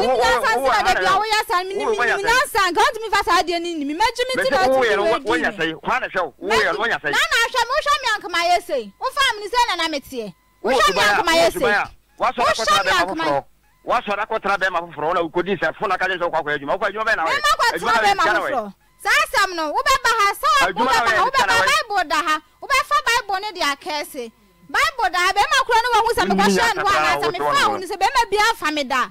ni mi yasa si na dabi awo yasa mi ni mi ni mi nansa nka o tumi fa saa deɛ ni ni mi mɛji mi ti na o tumi wo di mi mɛji na na ahwɛ mi wohwɛ mi ankoma yɛ sɛ nfa mi ni sɛ nana mi tiɛ wohwɛ mi ankoma yɛ sɛ wohwɛ mi ankoma wasɔra kɔtara bɛɛ ma foforɔ wala ukodi sɛ funa ka jɛ sɛ kɔkɔ adwuma kɔ adwuma bɛɛ na wɛ adwuma bɛɛ ma foforɔ saa asɛm no wobɛba ha saa ba ha wobɛba bible da ha wobɛfa bible ne de akɛɛse bible da ha bɛrima korɔ ne wɔ ho sɛ mekɔhyɛ no hɔ anaasɛ mefa wo no sɛ bɛrima bia fa me da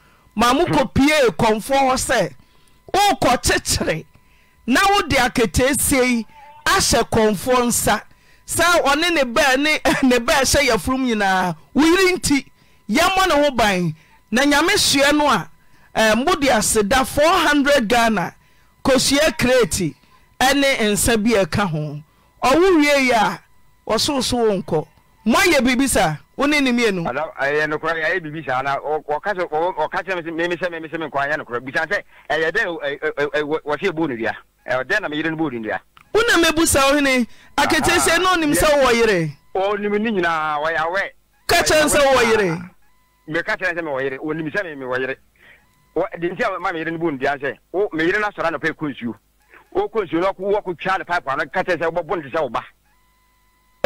ma mokɔpiee pie hɔ sɛ worekɔkyekyere na wode akataasie yi ahyɛ kɔmfoɔ nsa sɛ ɔne ne bane bɛɛ hyɛ yaforom nyinaa wo nti ne ho ban na nyame hyeɛ no a mode four 400 ghana kosua kreti ɛne nsa bi ɛka ho a biribi saa Eh, eh, eh, wo ni nim yɛ no ɛyɛ nokorɔ ɛyɛ biribi saa na ɔka kyerɛ mesɛ mesɛ me nkwa nyɛ nokorɔ bisa sɛ ɛyɛ dɛn wɔse ɛbɔɔ no dua ɛdɛn na meyere no bɔɔ no wona mɛbu sa wo hene sɛ na ɔnim sɛ wowɔ yere ɔnim ne nyinaa ka kyerɛ sɛ wowɔ yere meka kyerɛ sɛ ɔnim sɛ mewɔ yere a ma meyere no bɔɔ no dua sɛ meyere no na anɔpɛ kɔ nsuo wɔkɔ nsuo no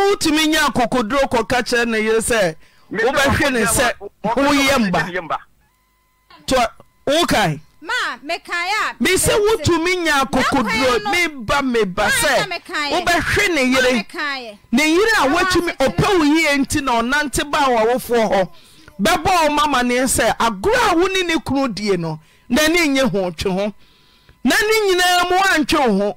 wotumi nya akokoduro kɔka kyerɛ ne yere sɛ wobɛhwe ne sɛ woyɛ mba wokae misɛ wotumi nya akokoduro meba meba sɛ wobɛhwe ne yere ne yere a woatumi ɔpɛ wo yie nti na ɔnante baa wawofoɔ hɔ bɛbɔ ɔ ma amanneɛ sɛ agorɔ a wo ne ne kunu die no na ne nyɛ ho twe ho na ne nyinaa mu woantwe wo ho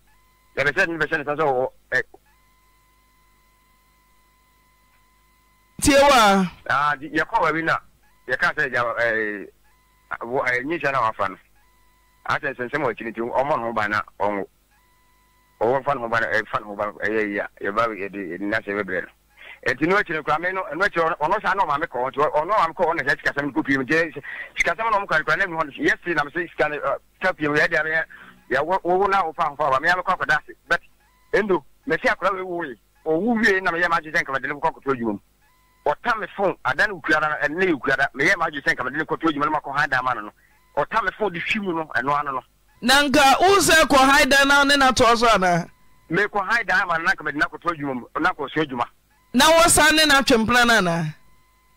yɛrɛ sɛ ni bɛ sɛ eh. ah, eh, eh, ni sasɛ wɔ ɛ. tie wa. aa na yɛ k'a sɛ ja ɛɛ wɔ ɛɛ nyi a sɛ sɛnsɛn wɔ kyini ti ɔmɔ nu banna ɔngo ɔwɔ fa nu banna ɛɛ fa nu banna ɛyɛ de yɛ na sɛ bɛ bɛrɛ ɛti n'o kyerɛ kura mɛ n'o kyerɛ ɔno sa n'o maame kɔ ɔno ɔno maame kɔ ɔno sɛ sikasɛm ko pie mu jɛ sikasɛm n'o mu kari kura ne mu hɔn yɛ si na mi se sika ne ɛ sika pie mu yɛ de a bɛ ya wowo na wofa nfa wa me ya mekɔ akɔda ase but endo mesi akɔda wei woe owu wie na meyɛ maagye sɛ nkabadene mekɔ akɔto adwuma mu ɔta me fon ada no wokura no ɛne yɛ wokura da meyɛ maagye sɛ nkabadene kɔto adwuma no makɔ ha da ma no no ɔta me fon de hwi no ɛno e, ano no na nka wo sɛ kɔ ha da na ne na toɔ so anaa mekɔ ha da ma no na nkabadene akɔto mu na akɔso adwuma na wɔsa ne na atwempena no anaa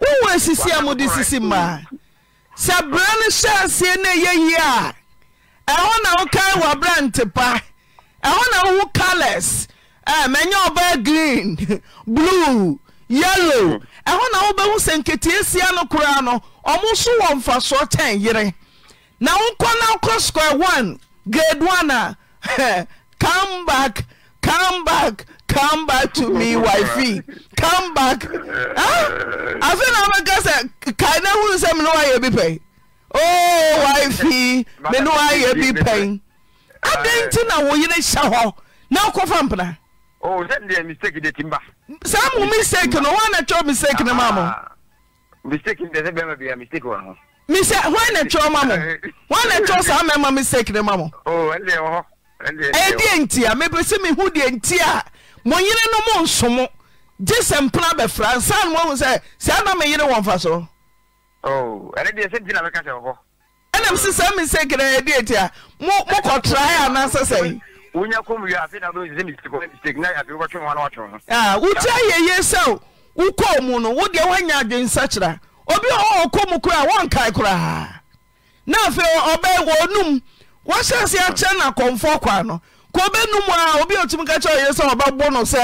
wowɔ asisia mode sisi maa sɛ bera ne hyɛaseɛ no ɛye yie a ɛhɔ na wokaewabera nte pa ɛhɔ na woho carles manyɛ ɔbaa green blue yealo ɛhɔna wobɛhu sɛ nketiesia no koraa no ɔmonso wɔ mfasoɔ kyɛn yere na wokɔna wokɔ ska 1 gradowana cambak cambak atomeif com ba afeina noka sɛ ka nohuu sɛ mene waayɛ bi pɛi i fe mene waayɛ bi pɛn adɛn nti na woyere hyɛ hɔ na kɔfampena saa mo mistake no onɛ ah, eh. oh, oh, eh, oh. t misake ne mamɔn mansaasken mam dɛ ntia mesɛ mehu de tia moyere no mu nsomo gye sɛ mpena bɛfra nsa no moahu sɛ sɛa na meyere wɔ mfa so oh, ɛnam se saa mistake na ɛdi ati a mokɔtrae anaasɛ sɛ wotia yɛye sɛ ah, wokɔɔ mu no wodeɛ woanya adwensakyera obi a ɔwɔkɔ mu koraa wɔnkae koraa na afei ɔbɛ wɔnum wɔahyɛ se akyerɛ na kɔmfoɔ kwaa no kɔ numu a obi otum kacha kyɛ ɔyɛ sɛ ɔbɛbɔ no sɛ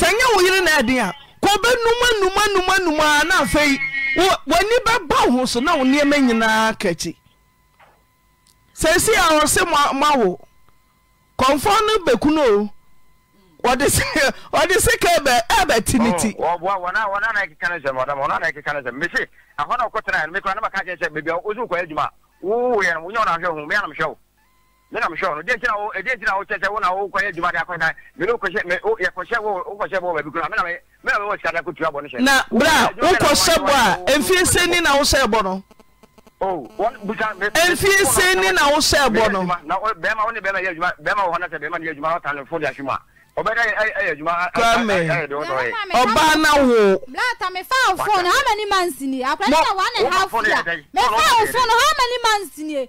sɛ nyɛ wo na ɛden a kɔ bɛnum numu anum anum a na afei w'ani ho so na wo nneɛma nyinaa si a ɔse moawo kɔmfɔ no bɛku no o wɔde se ka ɛbɛte ne na a wo na ho me ne na mehwɛ no deɛ nti na wo deɛ nti na wo kyɛ wo na wo kɔyɛ adwuma de akɔyɛ na me ne wokɔhyɛ me yɛkɔhyɛ wo wokɔhyɛ bɔ baabi kura me na me me na mewɔ sika na kotua bɔ no hyɛ na bra wokɔhyɛ bɔ a ɛmfie sɛ ni na wohyɛ bɔ no ɛmfie sɛ ni na wohyɛ bɔ no na bɛrima wo ne bɛrima yɛ adwuma bɛrima wɔ hɔ sɛ bɛrima ne yɛ adwuma na ɔtane fo de ahwe mu a Kwame, ọba na wo. Blata, me found phone, how many months in here? I can't one and a half year. Me found phone, how many months in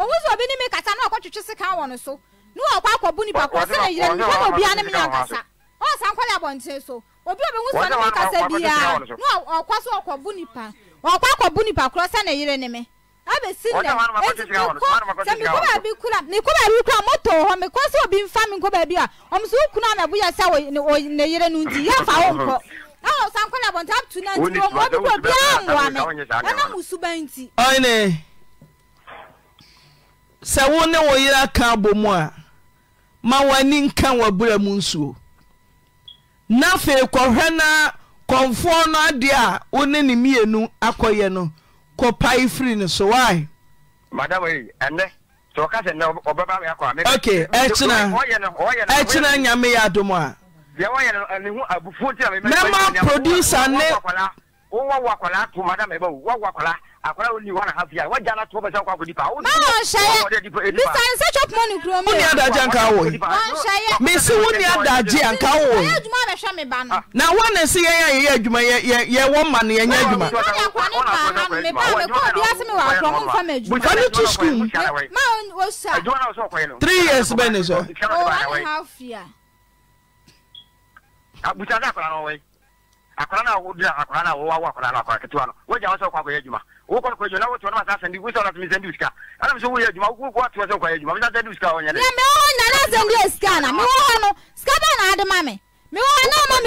ɔwusɛ obi ne me kasa ne k twee se ka wɔn so ne wɔk akɔ bo nipa kɛesas o nipa kɛeyerenehɔɛ bfam sokɛsɛ yer sat sɛ wo ne wo yera ka abɔ mu a ma w'ani nka w'aberɛ mu nsuo na afei kɔhwɛ na kɔnfoɔ no adeɛ a wo ne ne mienu akɔyɛ no kɔpae firi no so wae eh, ok ɛkyena nyame yɛ adom a mɛma produsa ne akwara wo ni one half year wagya na to bɛsɛ kɔ akɔdi pa wo ni ɔhyɛ bisa nsa chop money kuro mu wo ni adagye anka wo yi mesi wo ni adagye anka wo yi ɔyɛ adwuma bɛhwɛ me ba no na wo na si yɛn a yɛyɛ adwuma yɛ yɛ wɔ ma no yɛnyɛ adwuma wo ni akɔ ne paa ha no me ba me kɔ bi ase me wɔ akɔ mo nfa me adwuma wɔn tu school mu ma wo sa three years bɛ ne sɔ o one and half year. busa ne akɔla na wɔ yi akɔla na wɔ yi akɔla na wɔ wa wokɔ kɔ jɔna wotɔ nama sase ndi wusa la tumisɛn di juma wuku tuwa sɛ kɔ juma musa tɛ di sika wɔnyɛ dɛ. mɛ na n'a sɛn di na mɛ wɔn no sika bɛ na adi n'a ma mi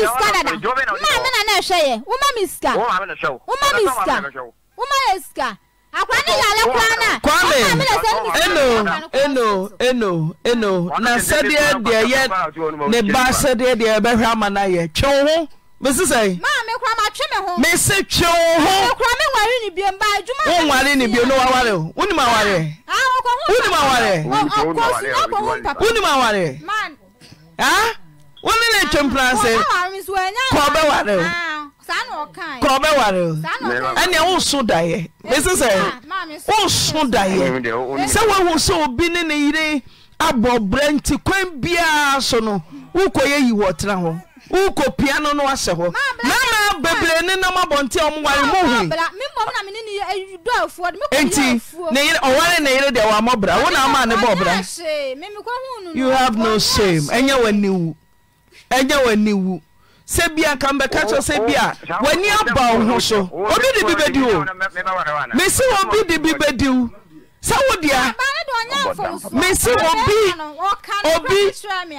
sika dada mɛ mi na n'a sɛ yɛ o ma mi sika o ma mi sika o ma yɛ sika eno eno eno eno na sɛdeɛ deɛ yɛ ne ba sɛdeɛ deɛ bɛhwɛ ama na yɛ twɛn ho mesi sɛ. maa mi kura ma twi mi ho. mesi twi wo ho. mi kura mi wari ni biem ba adwuma. wo wari ni biem no wawari o wo ni ma wari. aa ɔkɔ hun papa. wo ni ma wari. ɔkɔ hun papa. wo ni ma wari. man. aa wo ni ne twem planse. kɔ bɛ wari o. kɔ bɛ wari o. ɛnna wo nso da yɛ mesi sɛ wo nso da yɛ sɛ wo ehu sɛ obi ne ne yire abɔ brɛ nti kwan biara so no wo kɔ yɛ yi wɔ tena hɔ wokɔpia no no wahyɛ hɔ mama bebree ne nam abɔnte a ɔmware mohu ɔware ne yere deɛ wɔamɔbra wo na ama ne bɔɔbra you have no shame ɛnyɛ w'ani wu ɛnyɛ w'ani wu sɛ bia ka mbɛka kyerɛ sɛ bia w'ani aba wo ho so obi de bi bɛdi wo mesi obi de bi bɛdi wo sɛ wo dea mesi obi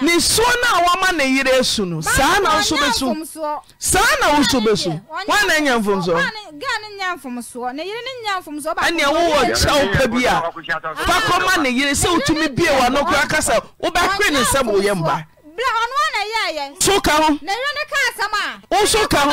ne suo no a woama ne yere asu no saa na woso bɛsu saa na woso bɛsu woana anya mfomsoɔanea wowɔ kyɛwo pa bi a fa kɔma ne yere sɛ wotumi bie wano kora ka sɛ wobɛhwere ne nsɛm woyɛ mba so ka ho woso ka ho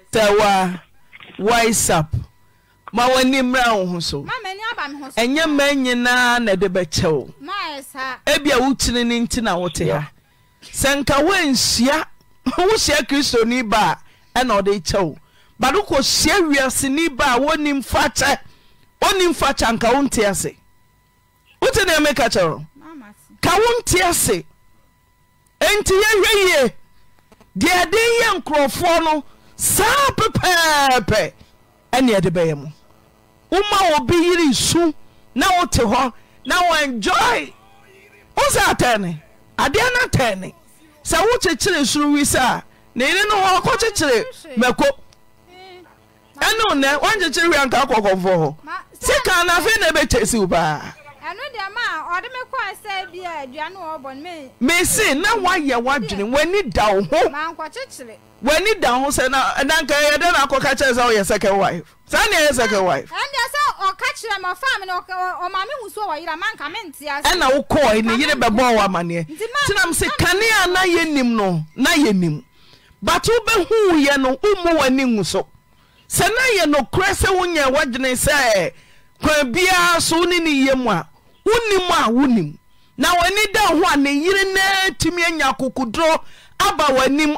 tɛwo waisap ma w'ani mmera wo ho so ɛnyɛ nyinaa na ɛde bɛkyɛ ebia wokyini no nti na wote ha sɛ nka woanhyia wohyia kristoni ba ɛna ɔde ba a wonim fakyɛ wonim fakyɛ anka wonte ase wote deɛ meka kyɛro ka wonte ase yie deɛ yɛ no saa pepɛɛpɛ ɛne ɛde bɛyɛ mu woma obi yere su na wote hɔ na woenjoe wo sɛ atɛne adeɛ no atɛne sɛ wokyekyere soro wi sɛ a ne yere no hɔ kɔkyekyere mako ɛne nnɛ woankyekyere hwi anka kɔkɔfoɔ hɔ sika na afei na ɛbɛkyɛsi wo paa mese na woayɛ w'adwene w'ani da wo ho w'ani da ho sɛ nanka yɛdɛ na akɔka kyerɛ sɛ woyɛ second wife saa ne ɛyɛ second wife ɛna ah, e e ne yere na yɛnim no na yɛnim but wobɛhuu yɛ no wommu w'ani so sɛ na yɛ nokorɛ sɛ wonyɛ w'adwene sɛ kwan biara so ne ne mu a wonim a na w'ani da ho a ne yere anya aba w'anim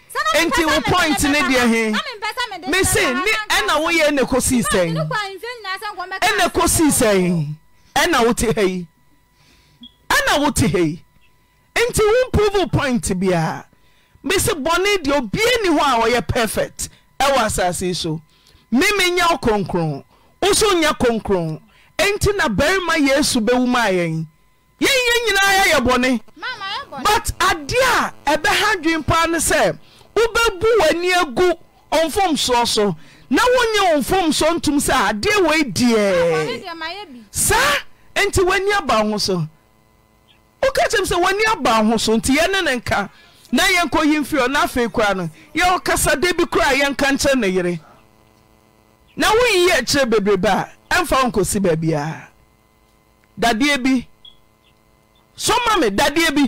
nti wo pint deh me se ne ɛna woyɛns sɛsi sɛɛnao i ɛna wote ha i enti wo provl point bia mɛse bɔne deɛ obieni hɔ a ɔyɛ perfɛct ɛwɔ asase yi so memenya wokronkron wosonya kronkron enti na barima yesu bɛwu maayɛn yɛyɛ nyinaa ɛyɛ bɔne but adeɛa ɛbɛha dwenpaa no sɛ wobɛbu w'ani agu ɔmfomsoɔ so na wonyɛ ɔmfomsoɔ ntom sɛ adeɛ wei deɛ saa nti w'ani aba wo ho so woka kyɛm sɛ w'ani aba wo ho so nti yɛne ne nka na yɛnkɔ yi mfiri ɔ na afei koraa no yɛwɔ kasadeɛ bi koraa yɛnka nkyɛ ne yere na woyi yɛ kyerɛ bebrebe a ɛmfa wo nkɔsi baabiaa dadeɛ bi so ma me dadeɛ bi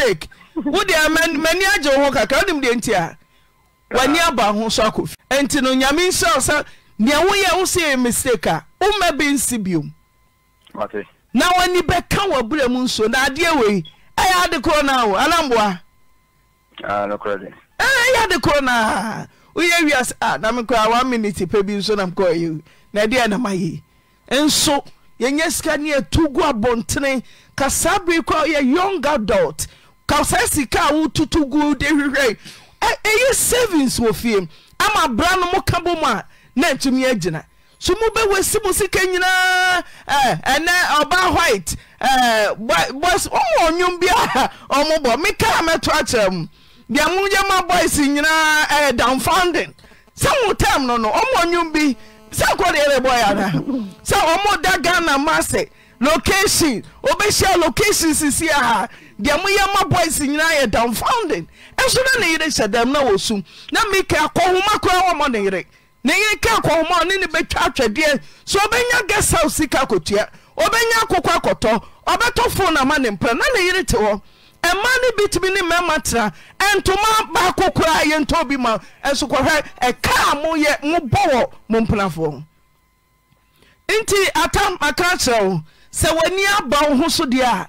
mistake wo deɛ m'ani agye ho a w'ani ah. aba ho so no nyame wo mistake a woma bi nsi biom na w'ani bɛka mu na adeɛ wei ɛyɛ ade korɔ no wo anamboa ah, ɛyɛ ade a ah, na mekoraa one minute bi nso na mkɔɔyɛ na ɛdeɛ na mayɛ nso yɛnyɛ sika ne yɛtu gu kwa young skwgɛyɛ svins wɔ fie ama bra no mo ka bɔmu a nantumiya gyina so mobɛwɛsi mo sikɛ nyinaanɛbaiɔmɔom bi a ɔmbɔ mekaa mɛtoa kyerɛ mu deɛmogyama boys nyina downfounding sɛ motm no no ɔm bi sɛkɔdɛɛɔ sɛ ɔmda ghanamsɛ locaton obɛsa location sisie ha deɛ moyɛ ma boys nyinaa yɛ downfoundin ɛso na ne yere hyɛ dam na wɔsum na meka akɔhoma koraa wɔmɔ ne yere ne yere ka akɔhoma ɔne ne bɛtwa atwɛdeɛ so ɔbɛnya gɛsaw sika akotua ɔbɛnya akokɔ akɔtɔ ɔbɛtɔ fo na ma ne mpra na ne yere te hɔ ɛma no bitumi ne mmarima tena ɛntoma baako koraa yɛntɔ bi ma ɛnso kɔhwɛ ɛkaa moyɛ mobɔ wɔ mo mpenafoɔ nti ata akra kyerɛ wo sɛ w'ani aba wo ho so deɛ a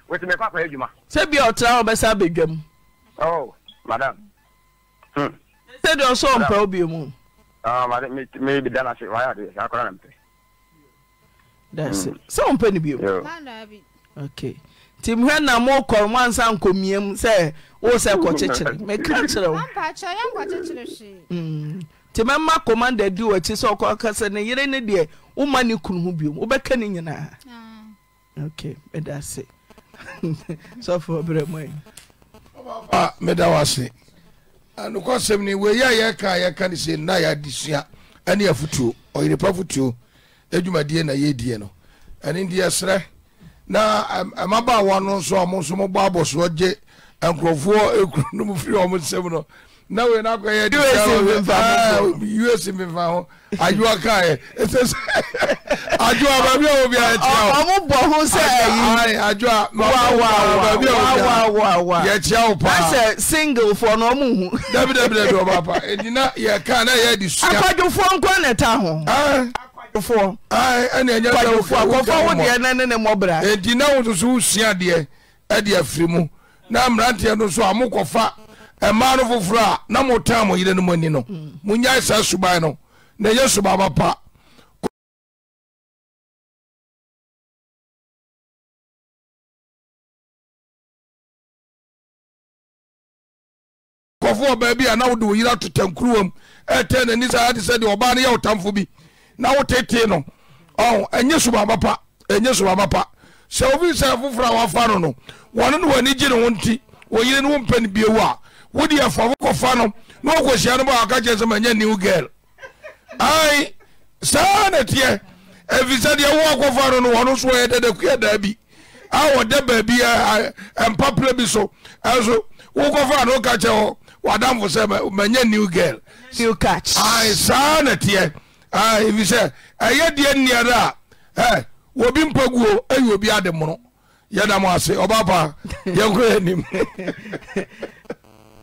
sɛ biaa ɔtra ɔbɛsa bwa musɛdeɛ oh, hmm. ɔsɛɔ mpɛw biomuɛɛntimehwɛ ah, na hmm. mokɔ moansa nkɔmiam sɛ wo sɛ kɔkyekyerɛ meka kyerɛ wo hmm. nti mɛma komanda adi wɔ akyi sɛ ɔkɔka sɛ ne yere ne deɛ wo ma ne kunuho biom wobɛka ne nyinaa ah. sɔfo ɔbɛrɛ mɔ yi. papa meda wase anokɔsɛm ni wei a yɛka a yɛka no sɛ na yɛadesua ɛne afotuo ɔyerepa fotuo adwumadeɛ na yɛdiɛ no ɛne deɛ serɛ na ɛmabaawa no nso a mo nso mobɔ abɔsoɔ gye nkurɔfoɔ ɛkuru no mu firi ɔmo nsɛm no na wei na akɔyɛ us mfifa ho adwoa kaɛ ɛsɛ sɛ adwoa baabi a wɔ biara kyia wo ɔmo bɔ ho sɛ ayi adwoa baabi a wɔ yɛkyia wo paa sɛ single foɔ no ɔmo hu dabidabidabi ɔba pa ɛdi na yɛka na yɛde sua akwadwofoɔ nkɔ ne ta ho akwadwofoɔ ɛna ɛnyɛ sɛ wokɔfoɔ wo deɛ ne ne ne mmɔbra ɛdi e na wo nso so wosua deɛ ɛde e afiri mu na mmeranteɛ no so a mokɔfa ɛma no foforɔ a na mota mɔyer nomani no monyasa subai no naɛnyɛ suba a pa kɔfo baa bia na wode woyira to tankuruwa m tɛnnisaat sɛdeɛ ɔba no yɛwo tamfo bi na wo tete no ɛnyɛ suba apa ɛnyɛ suba a pa sɛ ofisɛr foforɔ a woafa no no wɔne na waanigyi no wo nti wɔ yire no wo mpɛne biwo a wode ɛfa wokɔfa no na wɔkɔhyia no bɔ aka kyerɛ sɛ manya new girl ai saa na teɛ ɛfisɛ deɛ wo akɔfa no no wɔno so ɔyɛ dɛdɛkuɛ daa bi a wɔda baabi ɛmpapla bi so ɛnso wokɔfa no woka kyɛ hɔ wadamfo sɛ manya new girl ai saa na teɛ ai ɛfisɛ ɛyɛ deɛ nniada a e, wɔbi mpa guo ɛyɛ e, obi ade mono yɛda mo ase ɔba yɛnkɔ yɛ nim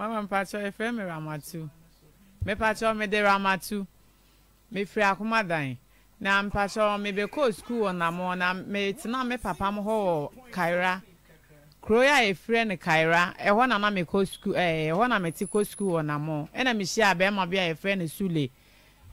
mama mpatsɔ efrɛ mi ramatu mepatsɔ mi de ramatu mefiri akomadan na mpatsɔ mebekɔ sukuu wɔ namɔ na metena me papa m hɔ wɔ kaira kuro a efrɛ ne kaira ɛhɔ na eh, na mekɔ sukuu ɛɛ ɛhɔ na mete kɔ sukuu wɔ namɔ ɛna mehyia bɛrima bi a efrɛ no sule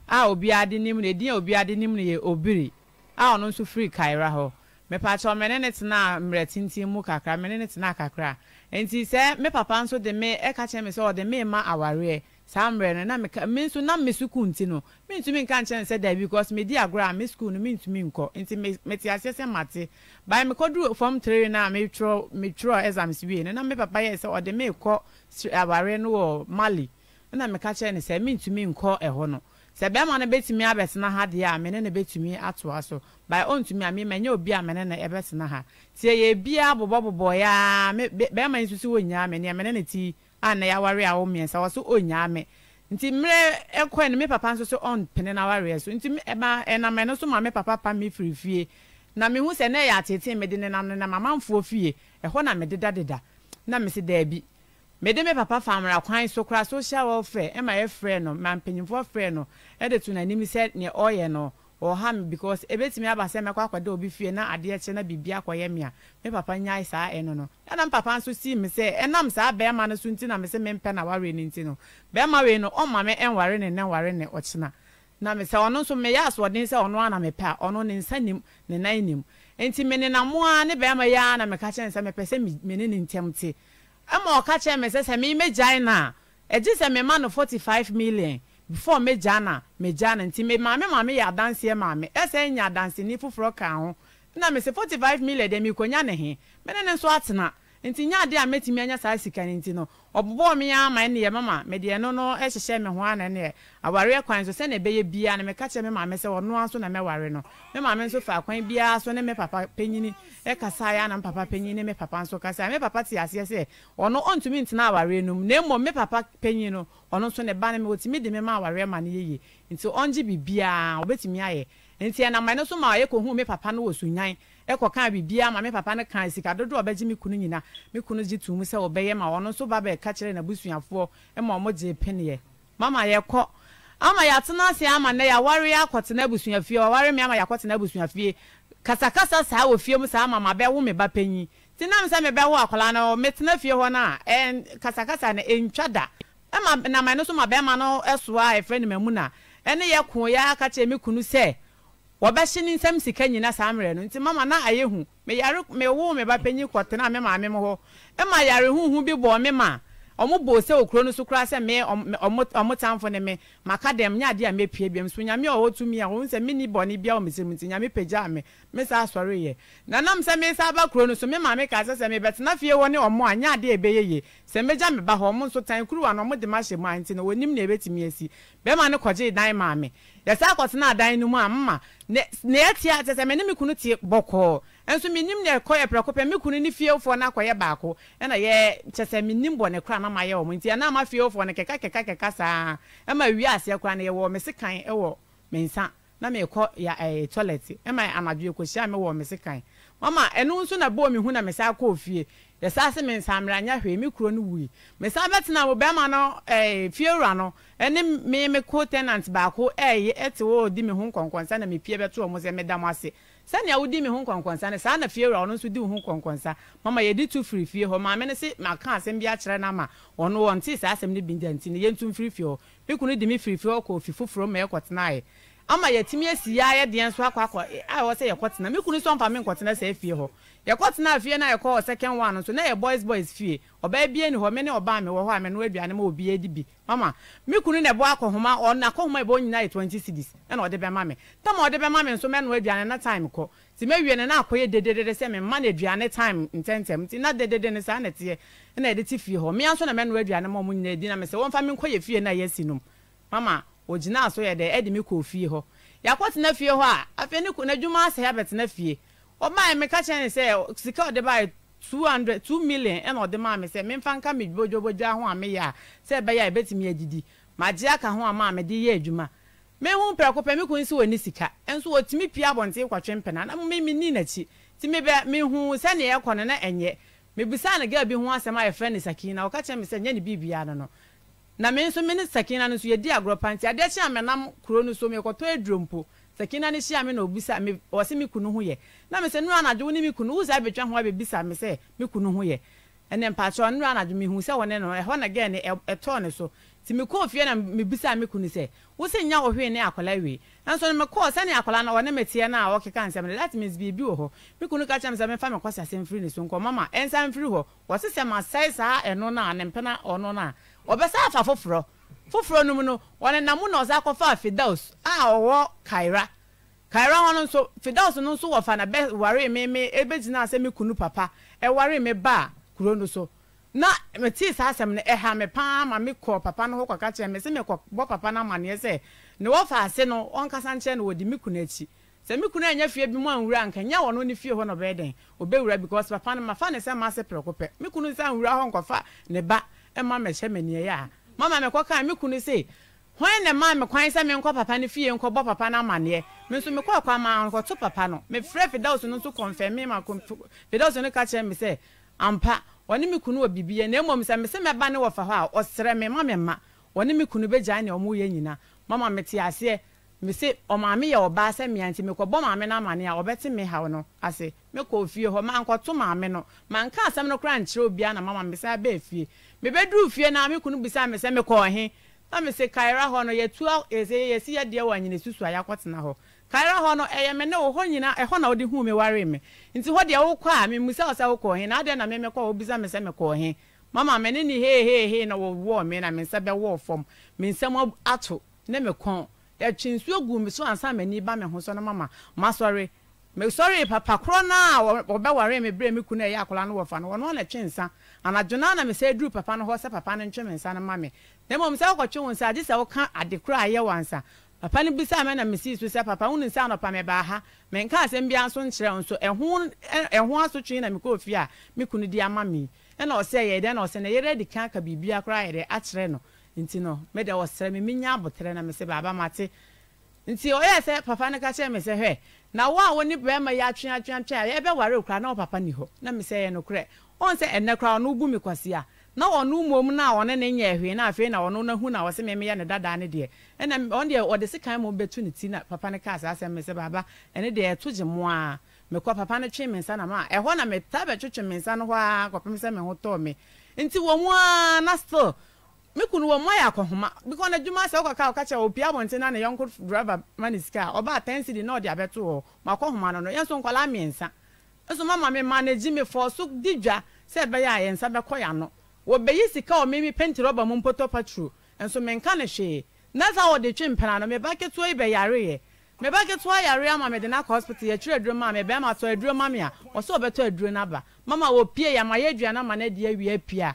a obi ade nim no edin a obi ade nim no yɛ obiri a ɔno nso firi kaira hɔ mepatsɔ mene ne tena mmerɛ tenten mu kakra mene ne tena kakra. nti sɛ me papa nso de me ɛka kyerɛ me sɛ ɔde me ma awareɛ saa mmerɛ no na meka me nso na me sukuu nti no mentumi nka nkyɛn sɛ da because medi agorɔ a me sukuu no mentumi nkɔ nti mete aseɛ sɛ mate bae mekɔduru fam tiri no a metwerɛ metwerɛ exams wie no na me papa yɛ sɛ ɔde me kɔ awareɛ no wɔ mali na me kyerɛ ne sɛ mentumi nkɔ ɛhɔ no sɛ bɛrima no bɛtumi abɛtena ha deɛ a mene ne bɛtumi atoa so bae ɔntumi a mema nyɛ obi a mene ne ɛbɛtena ha tiɛ yɛ bia bobɔbobɔyɛa bɛrima nso so wɔnyaa me neɛ mene ne ti a na yɛaware a wo mmiɛnsa wɔ so ɔnyaa me nti mmerɛ ɛkɔɛ no me papa nso so ɔmpene no awareɛ so nti ɛma ɛnam ɛno so ma me papa pa me firi fie na mehu sɛ na ɛyɛ atete mede ne nam no nam amanfoɔ fie ɛhɔ na mededadeda na mese daabi mede me papa fa amara kwan so kora social welfare ɛma yɛfrɛ no ma mpanyimfoɔ frɛ no ɛde to n'anim sɛ neɛ ɔyɛ no ɔha me because ebetumi aba sɛ mɛkɔ akɔda obi fie na adeɛ kyɛ na biribi akɔyɛ me a me papa nyae saa ɛno no ɛna papa nso sii mi sɛ ɛnam saa bɛrima no so nti na me sɛ mempɛ na wawere no nti no bɛrima wei no ɔma me ɛnware ne ne nware ne ɔkyena na me sɛ ɔno nso meyɛ asoɔden sɛ ɔno ana mepɛ a ɔno ne nsa nim ne nan nim nti me nenam ne bɛrima yi a na meka kyɛn sɛ mepɛ sɛ me ne ne ntɛm te ɛma ɔka kyerɛ me sɛ sɛ memɛgyae no a ɛgye sɛ mema no 45 million before megya no a megya no nti maame maame yɛ adanseɛ maame ɛsɛ nya adanseni foforɔ ka ho na mese 45 million deɛ mekɔnya ne he mene ne nso atena nti nye ade a mɛtumi anya saa sika no nti no ɔbobɔ me a ne yɛ mama medeɛ no no hyehyɛ me ho ana ne awareɛ kwan so sɛne ɛbɛyɛ bia na meka kyerɛ me maame sɛ ɔno a so na mɛware no me maame nso fa kwan biara so ne me papa panyini ɛkasaeɛ ana me papa panyin ne me papa nso kasa. me papa te aseɛ sɛ ɔno ɔntumi ntena awareɛ no mu na mmom me papa panyin no ɔno nso ne ba ne me wɔtumi de me ma awareɛ ma no yɛye nti ɔngye biribiaa ɔbɛtumi ayɛ nti ɛnamane so ma ɔyɛ kɔhu me papa no wɔ sunyan ɛkɔ kaa biribiara maame papa no kaa sika dodoɔ ɔbɛgye mi kunu nyina me kunu gye to mu sɛ ɔbɛyɛ ma ɔno nso ba bɛɛka kyerɛ n'abusuafoɔ ma ɔmo gye peneɛ mama yɛkɔ ama yɛatena ase ama nnɛ yɛaware akɔtena abusuafie waware me ama yɛakɔtena abusuafie kasakasa saa wɔ fie mu saa ama mabɛwo me ba panyin nti nam sɛ mebɛwo akwaraa no metena fie hɔ no a ɛn kasakasa no ɛntwa da ɛma namane nso ma bɛrima no ɛsoa a ɛfrɛ no ɛne yɛ ko yɛ aka kyerɛ kunu sɛ wɔbɛhye ne nsɛm sika nyina saa mmerɛ no nti mama na ayɛ hu meyare mewo me ba panyin kɔtena me maame mo hɔ ɛma yare huhu bi bɔ me ma ɔmo bɔ sɛ okuro no so koraa sɛ me ɔmo ɔmo tamfo ne me maka dɛm nyɛ adeɛ a mepie biam so nyame a ɔwɔ tumi a wɔn sɛ mini bɔne bia wɔ mesɛm nti nyame pagya me me saa asɔre yɛ na sɛ me nsa aba kuro no so me maame kaa sɛ sɛ mebɛtena fie hɔ ne ɔmo a nyɛ adeɛ ɛbɛyɛ yie sɛ megya me ba hɔ ɔmo nso tan kuruwa na ɔmo de ma hyɛ mu a nti na wɔnim na ebɛtumi asi bɛrima no kɔgye dan maame yɛsɛ akɔtena adan no mu a mma na yɛtia kyɛ sɛ mene me kunu te bɔkɔɔ nso menim na ɛkɔ yɛ prɛko pɛ me kunu ne fiefoɔ no akɔyɛ baako ɛna yɛ kyɛ sɛ menim bɔne kora na mayɛ wɔ mo nti ɛna ma fiefoɔ no kɛkakɛkakɛka saa ɛma wie aseɛ kora no yɛwɔ me sekan ɛwɔ me nsa na meekɔ yɛ eh, toilet ɛma anadwo yɛkɔhyia me wɔ me sekan mama ɛno nso na bɔɔ me hu na me saa kɔɔ fie yɛsaase me nsamranya hwee me kuro no wui mesan bɛtena wo bɛrima no ɛɛ eh, fiewura no ɛne me me ko tenant baako ɛɛyɛ eh, ɛte wɔ ɔdi me ho nkɔnkɔnsa na me pie bɛto wɔn sɛ meda mo ase sɛnea wodi me ho nkɔnkɔnsa no saa na fiewura ɔno nso di wo ho nkɔnkɔnsa mama yɛdi tu firi fie hɔ maame no se maka asɛm bi akyerɛ no ama ɔno wɔn te saa asɛm no bi ntanti no yɛntu mfiri fie hɔ me kunu di me firi fie hɔ kɔ ofi foforɔ ma ɛkɔtenaeɛ ama yɛtumi asi ya yɛ deɛ nso akɔ akɔ a ɛwɔ sɛ yɛkɔ tena mi kunu nso ɔmfa mi nkɔtena sɛ efie hɔ yɛkɔ tena fie na yɛkɔ second one nso na yɛ boys boys fie ɔbaa bie ni hɔ me ne ɔbaa mi wɔ hɔ a me no aduane ma obi edi bi mama mi kunu na ɛbɔ akɔhoma ɔna akɔhoma ɛbɔ nyinaa yɛ twenty cities, ɛna ɔde bɛ ma mi tam a ɔde bɛ ma mi nso mɛ no aduane na time kɔ ti mɛ wie ne na akɔ yɛ dedede sɛ mi ma na aduane time ntɛntɛm ti na dedede ne saa na teɛ ɛna yɛde ti fie hɔ mia nso na mɛ no aduane ma ɔmo nyinaa edi na mi sɛ wɔn fa mi nkɔ yɛ fie na yɛ si nom mama ogyina so yɛ dɛ ɛde mi kɔ fie hɔ yakɔtena fie hɔ a afei ne n'adwuma asɛ yɛ abɛtena fie ɔmaa mi ka kyɛn sɛ sika ɔde baa yɛ two hundred two million ɛna ɔde maa mi sɛ mmefa nka mi dwobodwobodwa ho a meyɛ a sɛ ɛbɛyɛ a ebɛtumi adidi magye aka ho a maa mi de yɛ adwuma mehu prɛko pɛ mekun si wɔ ne sika nso wɔtumi pie abɔnten kɔtwe mpɛna na mi mi ni n'akyi ti mi bɛ mehu sɛnea ɛkɔ no na ɛnyɛ mebisa ne gaa bi ho asɛm a yɛfrɛ ne sakina ɔka kyerɛ mi sɛ nyɛ ne biribia no no na me nso me ne sakina no nso yɛdi agorɔ pa nti adeɛ kye a menam kuro no so mekɔtɔ aduro mpo sakina no hyia ame na obisa me ɔse me kunu ho yɛ na mi sɛ nura anadwo wo ne me kunu wo saa abɛtwa ho abɛbisa me sɛ me kunu ho yɛ ɛnɛ mpakyɛ ɔnura anadwo mehu sɛ wɔne no ɛhɔ na gɛɛ ne ɛtɔɔ ne so nti mekɔɔ fie na mebisa me kunu sɛ wo se nya wo hwee ne akɔla wei nanso no mekɔɔ sɛne akɔla no ɔne meteɛ no a wɔkeka nsɛm no that means biribi wɔ hɔ me kunu ka kyerɛ me sɛ mefa mekɔsɛ asɛm firi ne so nkɔmama ɛnsa mfiri hɔ wɔse sɛ masɛe saa ɛno no ne mpena ɔno no ɔbɛsa afa foforɔ foforɔ no mu no ɔne namo na ɔsa akɔfaa fidaus a ɔwɔ kaira kaira hɔ no nso fidaus no nso wɔfa na bɛ ware me me ebegyina sɛ me kunu papa ɛware me ba kuro no so na mete saa asɛm no ɛha me paa ma mi kɔ papa no ho kɔka kyerɛ me sɛ mekɔbɔ papa no ama amanneɛ sɛ ne wɔfa ase no ɔnkasa nkyerɛ no wɔde me kunu akyi sɛ me kunu anya fie bi mu anwura nka nya wɔno ne fie hɔ na ɔbɛyɛ dɛn ɔbɛwura because papa no mafa ne sɛ ma ase prɛko pɛ me kunu sɛ anwura hɔ nkɔfa ne ba ɛma mɛhyɛ mɛniɛ yɛ a mama mɛkɔ kaa mi kunu se hɔn na maa mi kwan sɛ mi nkɔ papa ni fie nkɔ bɔ papa n'amaneɛ mi nso mi kɔ ɔkɔ ama nkɔto papa no mi frɛ fidawusu no nso kɔnfɛn mi ma fidawusu no ka kyerɛ mi sɛ ampa ɔne mi kunu wɔ bibi yɛ na emu sɛ mi sɛ mɛ ba ne wɔ fa hɔ a ɔsrɛ mi ma mi ma ɔne mi kunu bɛ gyaa nea ɔmo yɛ nyinaa mama mi te aseɛ mese ɔmaame yɛ ɔbaa sɛ mmea nti mekɔbɔ maame no amane a ɔbɛte me haw no ase mekɔ fie hɔ mankɔto maame no manka asɛm no koraa nkyerɛ obia na mama mesa bɛɛ fie mebɛduru fie na meku no bisaa me sɛ mekɔ ɔhe na mese kaera hɔ no yɛtua yɛsi yɛdeɛ wɔ anyene susu a yɛakɔtena hɔ kaera hɔ no ɛyɛ me ne wo hɔ nyinaa ɛhɔ na wode huu me ware me nti hɔ deɛ wokɔ a memusa wo sɛ wokɔ ɔhe na adeɛ na memekɔ wobisa me sɛ mekɔ ɔhe mama me ne ne hehehe na wɔwoɔ me na me nsa bɛwɔɔ fam me nsɛm ato ne mekɔn ɛtwi nsuo gu mi so ansa m'ani ba mi ho so no mama masɔre mesɔre papa korɔ no a wɔbɛware me berɛ me kunu ɛyɛ akwadaa no wɔfa no wɔno na twe nsa anadwo no na mesɛ duru papa no hɔ sɛ papa no ntwe me nsa no ma me na mmom sɛ wokɔtwe wo nsa agye sɛ woka ade korɔ a ɛyɛ wɔ ansa papa no bisaa mɛ na mesii so sɛ papa wone nsa anɔpa mebaa ha menka asɛm biara nso nkyerɛ wo nso ɛho asotwe na mekɔɔ fie a me kunu di ama me ɛna ɔsɛ yɛ dɛ na ɔsɛ na yɛrɛ adi ka ka biribiara koraa yɛdɛ akyerɛ nti no meda wɔsrɛ me menya abotrɛ na mese baaba mate nti ɔyɛ sɛ papa no ka kyerɛ me sɛ hwɛ na wo a wo ne bɛrima yi atweatweatwe a yɛbɛware kora na papa ni hɔ na mesɛ yɛ nokorɛ ɔn sɛ ɛnɛ kora ɔno wobu me kwasi a na ɔno mmom no a ɔne ne nyɛ ahwee na afei na ɔno no hu na wɔsɛ memeyɛ ne dadaa ne deɛ ɛna ɔn deɛ ɔde sekan mu bɛtu ne ti na papa no kaa saa sɛm me sɛ baaba ɛne deɛ ɛto gye mo a mekɔ papa no twee me nsa na ma ɛhɔ na meta bɛtwetwe me nsa no hɔ a kɔpem sɛ me ho tɔɔ me nti wɔ mu a na still me kunu wɔ mo ayɛ akɔhoma because na dwuma sɛ wokɔka woka kyerɛ opia abɔnten na ne yɔnko driver ma ne sika a ɔbaa ten cedi na ɔde abɛto hɔ ma akɔhoma no no yɛnso nkɔla mmiɛnsa nso mama me ma ne gyi me fɔ so di dwa sɛ ɛbɛyɛ a yɛn nsa bɛkɔ yɛ ano wɔbɛyi sika wɔ mimi penti rɔba mu mpɔtɔ patro nso menka ne hwee na sa wɔde twe mpena no meba ketewa yi bɛyareɛ meba ketewa yare ama mede na kɔ hospital yɛtwerɛ aduro ma me bɛrima tɔ aduro ma me a ɔsɛ ɔbɛtɔ aduro no aba mama wɔpie yɛ ama yɛ aduane ama no adi awie apia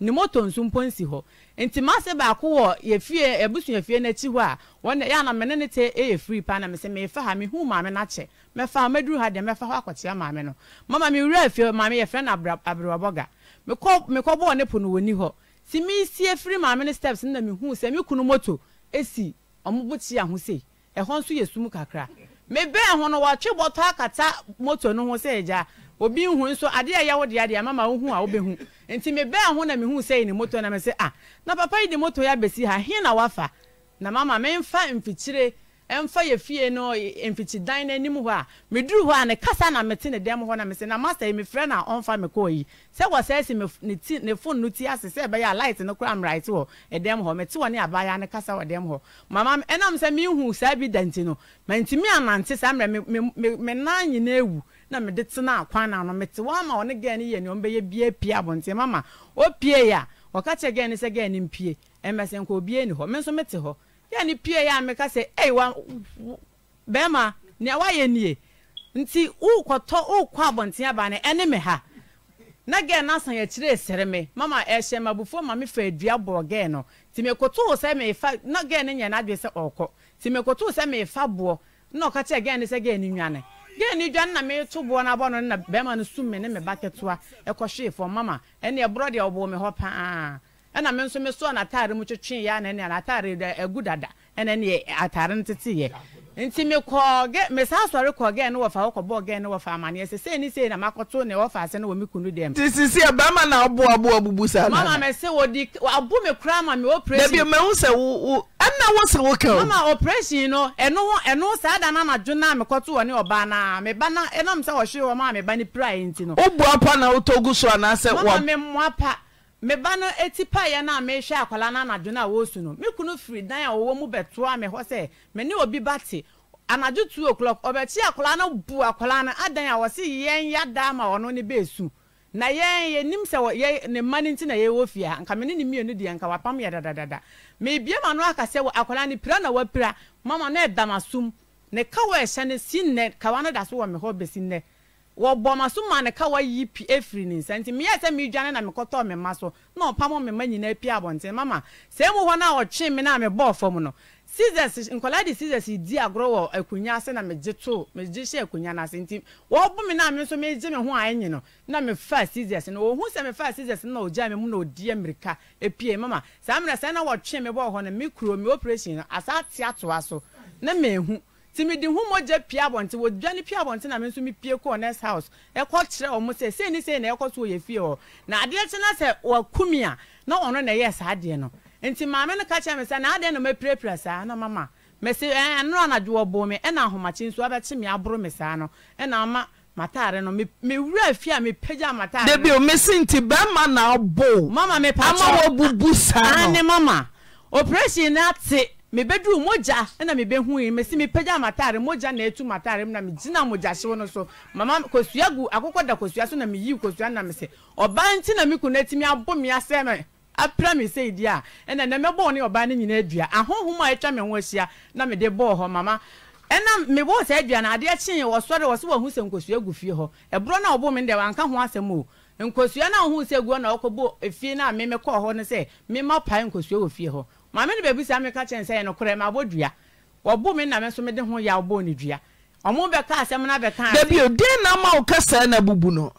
ne moto nso mpo nsi hɔ nti maase baako wɔ yɛfie abusuafie n'ekyi hɔ a wɔn yɛ mene ne te yɛ firi paa na mesɛ mefa ha mehu maame n'akyɛ mɛfa mɛduru ha deɛ mɛfa hɔ akɔkyea maame no mama mi wura efie maame yɛfrɛ no abrabɔga mekɔ mekɔbɔɔ ne pono wɔni hɔ si mi sie efiri maame ne steps na mehu sɛ mi kunu moto esi ɔmo bo kyi aho ɛhɔ nso yɛ sum kakra mebɛn ho no wɔatwe bɔtɔ akata moto no ho sɛ ɛgya obi hu nso adeɛ a yɛwɔ deɛ adeɛ ama ma wohu a wobɛhu nti mebɛɛ ho na mehu sɛ ne moto na mesɛ ah na papa yi de moto yɛ abɛsi ha he na wafa na mama memfa mfikyire ɛmfa yɛ fie no mfikyidan no anim hɔ a meduru hɔ a ne kasa na mete ne dɛm hɔ na mesɛ na masa yi mefrɛ na ɔmfa me kɔɔ yi sɛ wɔsɛɛ si ne ti ne fon no ti ase sɛ ɛbɛyɛ a light no kora mmerɛte wɔ ɛdɛm hɔ mete wɔ ne abaayaa ne kasa wɔ dɛm hɔ mama ɛnam sɛ mehu saa bi da nti no mantimi anante saa mmerɛ me nan nyinaa awu na mede tena akwan na no mete wɔn ama ɔne gɛn yɛ nea ɔmbɛyɛ bie pie mama opie ya a ɔka kyerɛ gɛn sɛ gɛn mpie ɛmɛsɛ nka obie hɔ me nso mete hɔ pie ya meka sɛ ɛyi wa bɛrima nea wayɛ nie nti wokɔtɔ wokɔ abɔnten aba no ɛne me ha na gɛn esere me mama ɛhyɛ maame fɛ dua bɔ gɛn no sɛ na gɛn ne nyɛ sɛ ɔkɔ sɛ na ɔka kyerɛ gɛn ne sɛ gɛn ne nwane gẹ́gẹ́ ni dwan na mi to boɔ n'abɔ no na bɛrima no sum mi ne mi ba ketewa ɛkɔ hwee fɔ mama ɛni ɛborɔ deɛ ɔbɔ mi hɔ paa ɛna mi nso mi sɔ n'ataare mu twitwi yɛ ana ɛni ataare ɛgu dada ɛna ɛni ataare no tete yɛ nti mekɔ gɛ mesa asɔre kɔ gɛn no wɔfa wɔkɔbɔ gɛn no wɔfa amaneɛ sɛ sei ne sei na makɔto ne wɔfa asɛ no wɔ kunu dɛm nti sisi ɛbɛrima na aboaboa bubu saa no mama mɛ sɛ wɔdi abo me kora ma me operation dabi mɛ hun sɛ wo wo ɛnna wo sɛ wo kɛ o mama operation no ɛno ho ɛno saa da na na dwo na mekɔto wɔ ne ɔbaa na me ba na ɛnam sɛ wɔhwe wɔ ma me ba ne pra nti no wo bu apa na wotɔ gu so anaasɛ wa mama me mu apa meba no eti paeɛ no a mehwɛ akwala no anadwo no a wɔsu no me kunu firi dan a wɔwɔ mu bɛtoa me hɔ sɛ mene obi ba te anadwo two o'clock ɔbɛkyi akwala no bu akwala no adan a wɔse yɛn yada ma ɔno ne bɛɛsu na yɛn yɛnim sɛ yɛ ne mma no nti na yɛwɔ fie a nka mene ne mmienu deɛ nka wapam yɛ dadadada mebie ma no aka sɛ akwala no pira na wapira mama no ɛdam asom ne ka wɔ ɛhyɛ no si nnɛ kawa no da so wɔ me hɔ bɛsi nnɛ wɔbɔ ma so ma ne ka wayi pi efiri ne nsa nti mmea sɛ meedwane na mekɔtɔ me ma so na ɔpamɔ me ma nyinaa pi abɔnten mama sɛ mu hɔ no a ɔtwe me na a mebɔɔ fam no scissors nkɔlaa de scissors di agorɔ wɔ akonnwa ase na megye to megye hyɛ akonnwa no ase nti wɔɔbo me na a me nso megye me ho a ɛnye no na mefa scissors no wɔhu sɛ mefa scissors no na ɔgyaa me mu na ɔdi mmirika epie mama saa mmerɛ sɛ na wɔtwe me bɔɔ hɔ no me kuro me operation no asa ate atoa so na mehu ti mi di hu mo gye pia abɔnten wo dwa ne pia abɔnten na mi nso mi pie kɔ nurse house ɛkɔ kyerɛ wɔn sɛ sei ne sei na ɛkɔ so yɛ fie hɔ na adeɛ kye na sɛ wakumi a na ɔno na ɛyɛ saa adeɛ no nti maame no ka kyerɛ mi sɛ na adeɛ na ma pirapira saa na mama mɛsi ɛɛ ɛnura anadwo ɔbɔ mi ɛna ahomakye nso abɛkye mi aboro mi saa no ɛna ama mataare no me wura fi a mepagya mataare debi o mesi nti bɛrima na ɔbɔ mama mi pa kyɛw ama wɔ bubu saa no. ani mama operation na te. mebɛduru mogya na mebɛhuyi mesi mepagya matare mogya na ɛtu matare na megyina mogya hyew no so mama kosua gu akokɔ da kosua so na meyi kosua na mesɛ ɔbaa nti na me kunu atumi abɔ me asɛ me apra a ɛna na mɛbɔɔ ne ɔbaa no nyinaa adua ahohom a atwa me na mede bɔɔ hɔ mama ɛna mebɔɔ saa adua no adeɛ kyee wɔsɔre wɔ so wɔhu sɛ nkosua gu fie hɔ ɛborɔ no a me no deɛ na ɔkɔbɔ fie no a memekɔɔ hɔ no sɛ maame no baabi si meka kyɛn sɛ yɛ nokorɛ ma abɔ dua wɔbo me na me nso mede ho yɛ wɔbɔ ne dua ɔmo bɛka asɛm na bɛka. dabi o den na ma o kasa na bubu no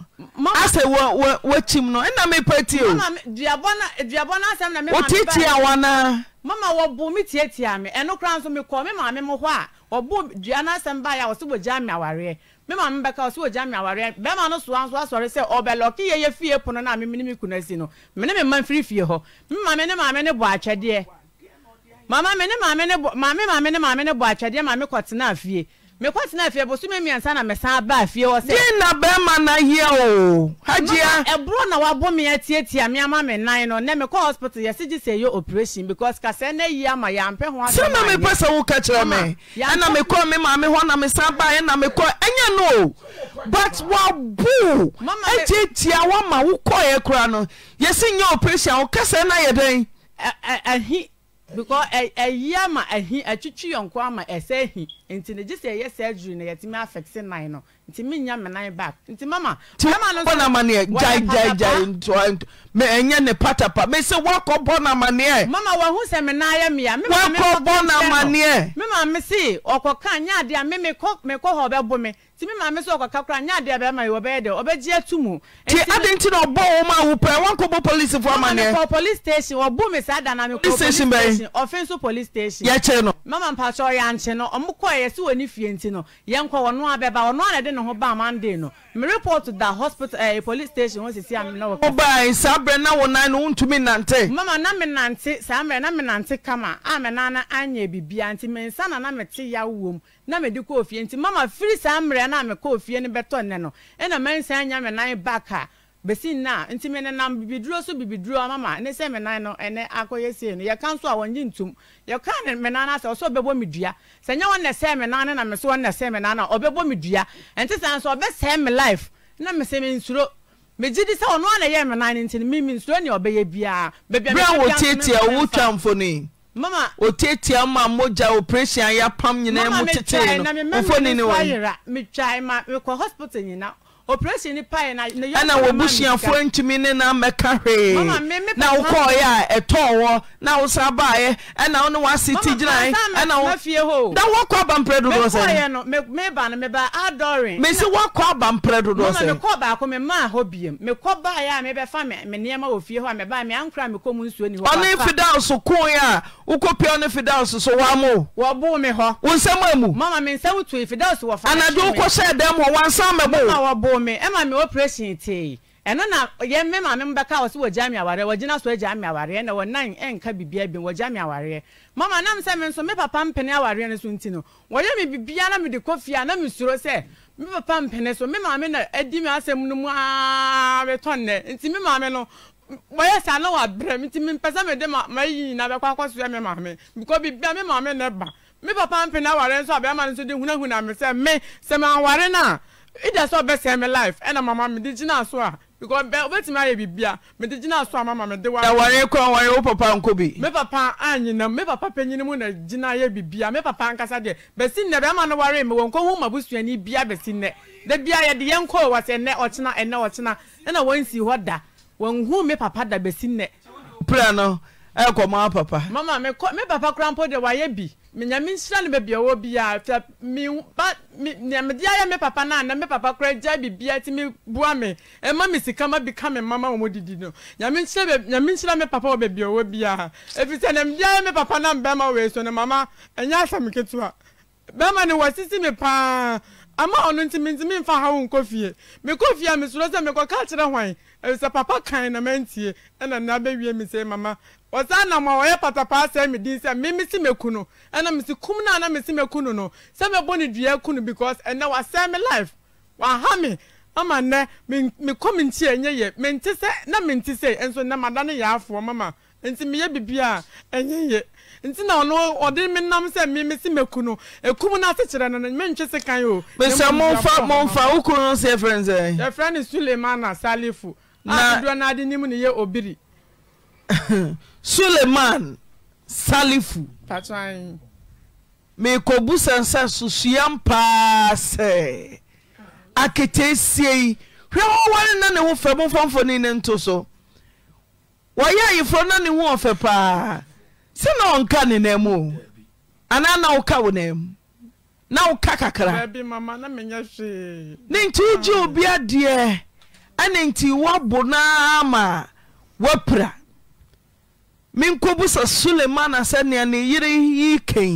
asɛ wɔ wɔ wɔkyim no ɛna mi pɛ tie o. mama duabɔ na duabɔ na asɛm na mi maa mi ba yɛ o tiatia wana. mama wɔbu mi tia mi ɛno kora nso mi kɔ mi maame mo hɔ a wɔbu dua na asɛm ba yɛ a wɔsi wɔ gya mi awareɛ mi maame bɛka wɔsi wɔ gya mi awareɛ bɛrima no soa nso asɔre sɛ ɔbɛlɔki yɛ yɛ fie pono na mi ne mi kuna si no mi ne mi ma firi fie hɔ mi maame ne maame ne bɔ akyɛdeɛ mama me ne maame ne bɔ maame maame ne maame ne bɔ atwadeɛ maame kɔ tena afie mekɔ tena afie bosome mmiɛnsa na mesan ba afie wɔ sɛ. den na bɛrima na yɛ o hajia. mama ɛburo na wabɔ mi atiatia mi ama mi nan no ne mekɔ hospital yɛsi gye sɛ ɛyɛ operation because kasɛɛ ne yi ama yɛ ampɛ ho asɛm. sɛ na mepɛ sɛ wo ka kyerɛ me ɛna mekɔ me maame hɔ na mesan ba ɛna mekɔ ɛnyɛ no but wabu atiatia wama wokɔɛ kora no yɛsi nyɛ operation a na kasɛɛ na yɛ dɛn. ɛhi because ɛyi ama ma ɛtwitwi yɔnko ama ɛsɛ hi nti ne gye surgery na yɛtumi afɛkse nan no nti mi nya mi nan back nti mama. ti bɔ n'amaneɛ gyae gyae ne patapa mama wɔn ho sɛ mi nan yɛ mia. wakɔ bɔ n'amaneɛ. mi maa mi si ɔkɔ kan m a mi mi mi tí mi maame sọ ọkọ kakra nyá adé abẹ́ mayẹ ọbẹ̀ yẹ ọbẹ̀ jí ẹtú mu. ti adi n na ọbọ wọn ma wupẹ wọn kò bọ polisi fún ọmọ nìyẹn. ọmọ mi kọ police station ọbú mi sá dànù mi kọ police station ọfin so police station. yẹ kyẹ nọ. mama mpatsọ ya nkyẹn nọ ọmọ kọ yẹ si wọ ní fìyẹ ntì nọ yẹn kọ ọ̀nù abẹ́bà ọ̀nù àná ẹ̀dẹ́ ne ho bá àmà ndé nọ mi report da hospital ẹ̀ eh, police station wọ́n sì sí àmì náà wọ na mede kɔɔ fie nti mama firi saa mmerɛ na mekɔɔ fie no bɛtɔ nnɛ no ɛna mansan nya me nan back a bɛsi nna nti me nenam bibiduro so bibiduro mama ne sɛ me nan no ɛnɛ akɔyɛ sie no yɛka nso a wɔnye ntom yɛka ne me nan no asɛ ɔsɛ ɔbɛbɔ me dua sɛ nyɛ wɔn nɛsɛ me nan no na me so wɔn nɛsɛ me nan no a ɔbɛbɔ me dua ɛnti saa nso ɔbɛsɛɛ me life na me sɛ me nsuro megye di sɛ ɔno a na yɛ me nan no nti no mi mi nsuro nea ɔbɛyɛ biara. bere a wɔ tietia otetia oma mogya opresin yapam nyinamuekenofo nini meama mekɔ hospital nyina operation ni pa yɛ na ne yɛ ɛna wo busuafoɔ ntumi ne na mɛka hwee na wokɔɔyɛ a ɛtɔɔ wɔ na wosa baayɛ ɛna wo ne wase ti gyina ɛna da wɔkɔ abamprɛ dodoɔ sɛ mesi wɔkɔ abamprɛ dodoɔ sɛ mekɔ baako memaa hɔ biam mekɔ baayɛ a mebɛfa me nneɛma wɔ fie hɔ a mebaa me ankora mekɔ mu nsuo ni hɔ ɔne fidal so koe a wokɔpia ɔne fidal so so wa mo wɔboo me hɔ wo nsɛm amu mama me nsɛm tui fidal so wɔfa anadwo wokɔhyɛ dɛm hɔ wo me ɛma eh, me operation tee ɛno na yɛn me maame bɛka wɔ so wɔ gya mi awareɛ wɔgyina so gya mi awareɛ na wɔn nan ɛnka bibia bi wɔgya mi awareɛ mama nam sɛ me nso me papa mpene awareɛ no so nti no wɔyɛ mi bibia na mi de kɔ fia na mi suro sɛ me papa mpene so me maame na adi mi asɛm no mu aa retɔn nɛ nti me maame no wɔyɛ sa na wabrɛ mi nti mi mpɛ mi de ma ma yi nyina bɛkɔ akɔsoɛ me maame bikɔ bibia me maame na ba me papa mpene awareɛ nso abɛɛma no nso de hunahuna mi sɛ me sɛ ma awareɛ naa ija sọ bẹ sẹ mi life ẹna mama mi di gyina so a because bẹ obetumi ayẹ bibia mi di gyina so a mama mi di wa. ẹwọrin kọ ẹwọrin o papa nko bi. mi papa anyinam mi papa panyin mu na gyina ayẹ bibia mi papa nkasa deɛ bɛsi nnɛ bɛrima no wari mi wɔn nko hu ma busuani bia bɛsi nnɛ dabi a yɛde yɛn kɔ wɔ sɛ ɛnɛ ɔkyena ɛnɛ ɔkyena ɛna wɔn si hɔ da wɔn hu mi papa da bɛsi nnɛ. pira no ɛkɔ maa papa. mama mi kɔ mi papa kura mpo oh, de wayɛ bi menyame nhyira no baabi a ɔwɔ biara fɛ me ba me ayɛ me papa no ana me papa koraa gya biribia ti me bua me ɛma me sika ma bi ka me mma ma wɔn didi no nyame me papa wɔ baabi a ɔwɔ biara efi sɛ nea ayɛ me papa no mbɛrima wɔ eso no mama ɛnyɛ asɛm ketewa bɛrima no wɔ me paa ama ɔno nti mentimi mfa ha wo nkɔ fie mekɔ fie a mesoro sɛ mekɔka kyerɛ hwan ɛfisɛ papa kan na mantie ɛna nna bɛwie me sɛ mama ɔsan nam a ɔyɛ patapaa sɛ mi din sɛ mimi si meku no ɛna mi si kum na na mi si meku no no sɛ mi bɔ ne dua ku no because ɛnɛ wasɛn mi life waha mi ama nnɛ mi mi kɔ mi nti ɛnyɛ yɛ mi nti sɛ na mi nti sɛ nso nnɛ ma da ne yɛ afoɔ mama nti mi yɛ bibi a ɛnyɛ yɛ nti na ɔno ɔde mi nam sɛ mi si meku no ekum na ase kyerɛ no no mi ntwi se kan o. bɛsɛ mo nfa mo nfa okun no se efirɛ nsɛn. Eh? yɛfrɛ ne sulemana salifu a dodoɔ na adi nimu ne yɛ obiri. Suleman salifu mekobusa nsa susua mpaa sɛ aketeesie yi hwɛ wɔware na ne ho fɛ mofamfoni ne nto so wɔyɛ ayeforɔ na ne ho ɔfɛ paa sɛ na ɔnka ne nan mu o anaa na woka wo nan na woka kakra ne nti wogye obi adeɛ ɛne nti woabo naa ma woapira menkɔbu sa sulemana sɛnea ne yere yi kɛi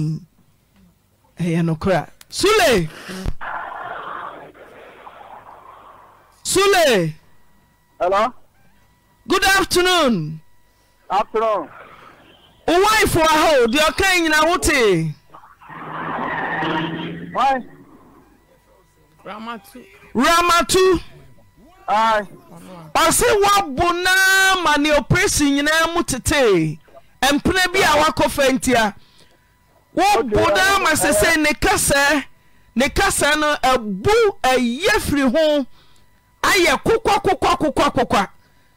ɛyɛ nokora sule sule hello good afternoon afternoon wo wife wa ho deɛ ɔkae nyina wote ramatu ɔse woabo naa ma ne opresin nyinaa mu tetee mpena bi a woakɔ fa ntia wobo naa ma sɛ sei ne kasɛɛ ne kasɛɛ no abu ayɛ firi ho ayɛ kokwa kokwa kokwa kokwa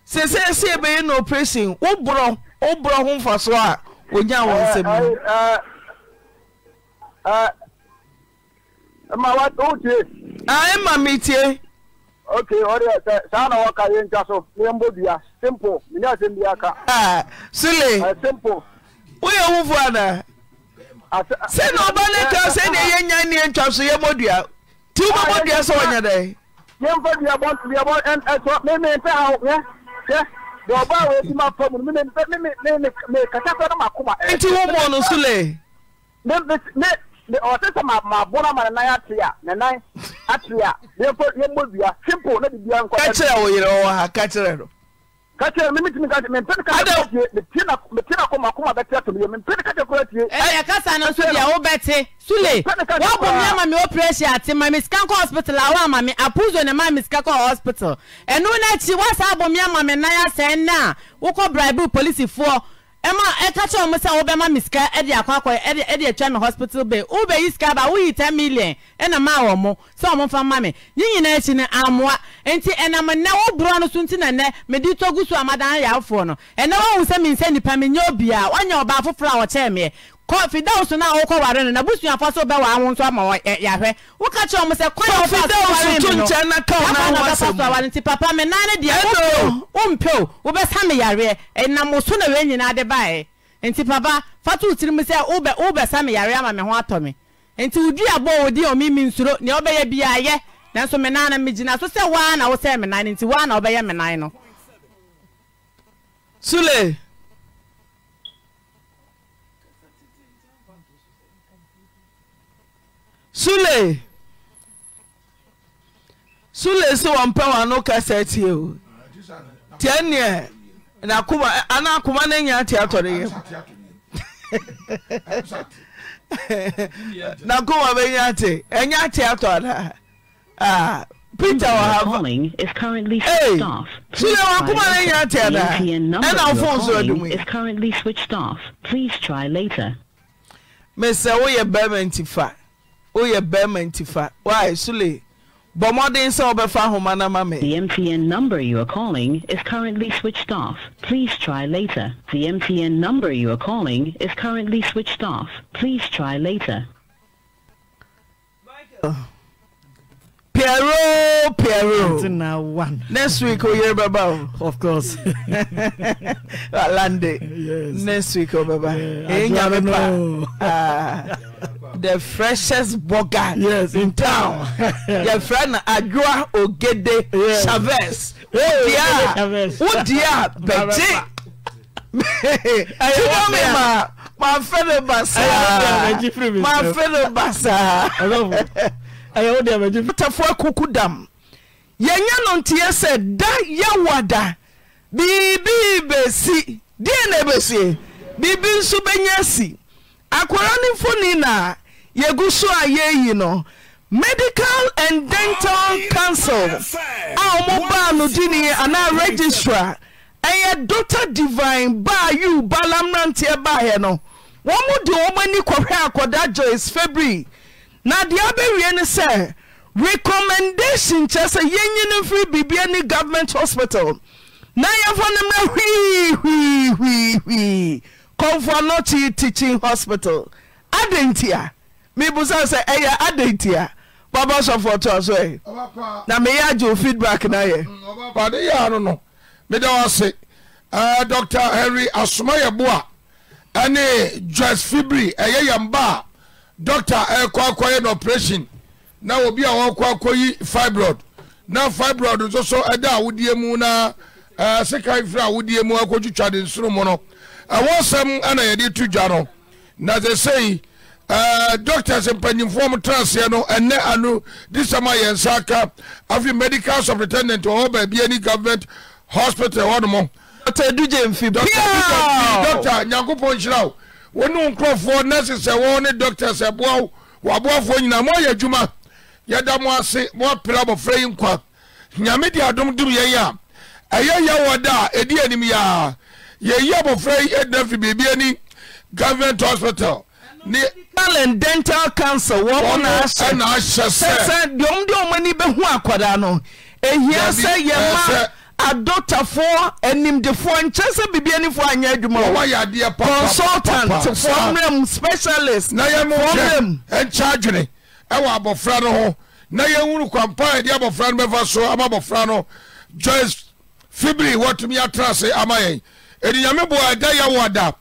seesei sɛ yɛbɛyɛ no opresin wo borɔ ho mfasoɔ a wonya wɔ nsɛm no ma metie ok ɔdeɛ sɛ saa na wɔka yɛ ntwa so na yɛmbɔ dua simple mene asɛm bi aka sule simple woyɛ wofo ana sɛ na ɔba ne ka sɛ ne yɛnya ne yɛntwa so yɛmmɔ dua nti wobɛbɔ dua sɛ wɔnyɛ dɛn yɛmfa duabɔ duabɔ ɛsɔ memempɛ ha hɛ hwɛ de ɔba a wɔatim afa mu no memekasa sɛ no makoma nti wo mɔɔ no sule ɔte sɛ mabo no ama ne ate a ne ate a yɛmmɔ dua simple na biribia nkɔ kyerɛ wo yerɛ wɔ ha ka kyerɛ no ka kasa no nso deɛ wobɛte sule wɔbɔ me ama me operation ate ma me sika kɔ hospital a wo ama me apuzo ne ma me sika kɔ hospital ɛno no akyi woasa abɔ me ama me nan asɛn na wokɔ bribe polisifoɔ ɛma ɛka kyɛ ɔmo sɛ wobɛma me sika ɛde akɔ akɔ atwa hospital bay wobɛyi sika ba woyi ten million ɛna maa wɔ fa ma me ne nyinaa akyi no amoa nti ɛnam nnɛ na nnɛ mede tɔ gu so amadan yɛafoɔ no ɛnɛ woahu sɛ mensa nnipa fidelso na wokɔware no na bosuafo sɛ wobɛwaa wo nso ama yɛahwɛ woka kyerɛ m sɛ kɔware nti papa mena ne deɛ wompɛo wobɛsa me yareɛ ɛnam so na wei nyinaa de nti papa fa to tiri mu sɛ wobɛsa me yareɛ ama me ho atɔ me nti wodi abɔ wodi ɔmemi nsuro nea wobɛyɛ biaa yɛ nanso mena na megyina so sɛ woa na wo sɛ menan no nti woa na wobɛyɛ menan no sule sule sule sɛ wɔmpɛ wo no kasɛ atiɛo tianɛ an oma n ya a yɛbaya aɔadateoma naya at adaaɛnawfosodm mesɛ woyɛ bɛmanti fa woyɛ bɛrima ntifa wae sule bɔ mmɔden sɛ wobɛfa ahoma no The MTN number you are calling is currently switched off. Please try later. The MTN number you are calling is currently switched off. Please try later. Piero, Piero. Next week, we'll hear about. Of course. Lande. Yes. Next week, we'll hear Ah. the freshest burger yes, in town yɛfrɛ no adwoa ogede chaves wodeɛ a wodeɛ a bɛgye tudome ma maafɛ no ba saamaafɛ no ba saamatafoɔ akuku dam yɛnyɛ no nteɛ sɛ da yɛwada biribi bɛsi deɛ na ɛbɛsie biribi nso bɛnya si akwara ne mfoni naa yɛgu so a yɛyi no medical and dental council a ɔmɔ baa no dini anaa registra ɛyɛ dota devine baa yu ba la mranteɛ ba eɛ no wɔmu de wɔma ani kɔhwɛ akɔda joys fa bre na de wbɛwie ne sɛ recommendation kyerɛrɛ sɛ yɛnyino mfiri biribia ne government hospital na yɛfɔ no mmerɛ hwiihwiiwiwii kɔmfoa nokyei teching hospital adɛnntia mebusa sɛ ɛyɛ adɛn a baba sɔfoɔ toa so ɛ na meyɛ agye feedback na yɛ mm, ɔde yɛa no no meda w ase dɔr henry asoma ɛne joyce fibry ɛyɛ yɛmba a ɛkɔ akɔ na obi a wɔkɔ akɔ yi fibroid na fibroid nso so ɛda mu na mu de nsoro mu no ɛwɔ sɛm yɛde dwa no na sɛ Uh, doctors mpanyinfoɔ mu traseɛ no ɛnɛ ano de sɛm a yɛn nsa ka afei medical superintendent ɔwɔ baabi ani government hospital hɔ nom dr dugye mfi pia doctor nyankopɔn nhyira wo wo ne nkurɔfoɔ nurses ɛwɔ ne doctors ɛboa wo wɔaboafoɔ nyinaa moayɛ adwuma yɛda mo ase moapere abɔfra yi nkwa nyame de adom dom yɛn a ɛyɛ yɛwɔ da a ɛdi anim yɛa yɛyi abɔfra yi adina fi biribi ani government hospital ental cuncde de omani bɛhu akɔdaa no ɛhia sɛ yɛma adotafoɔ animdefoɔ nkyerɛ sɛ birbinifo anyɛ adwuma ɛdeiinkyɛ adwene wɔ abɔfra no ho na yɛwu nokwapa ade abɔfra no bɛfa so ama abɔfra no jos febre wotumia trase ama yɛi ɛninyame boada yɛwɔ da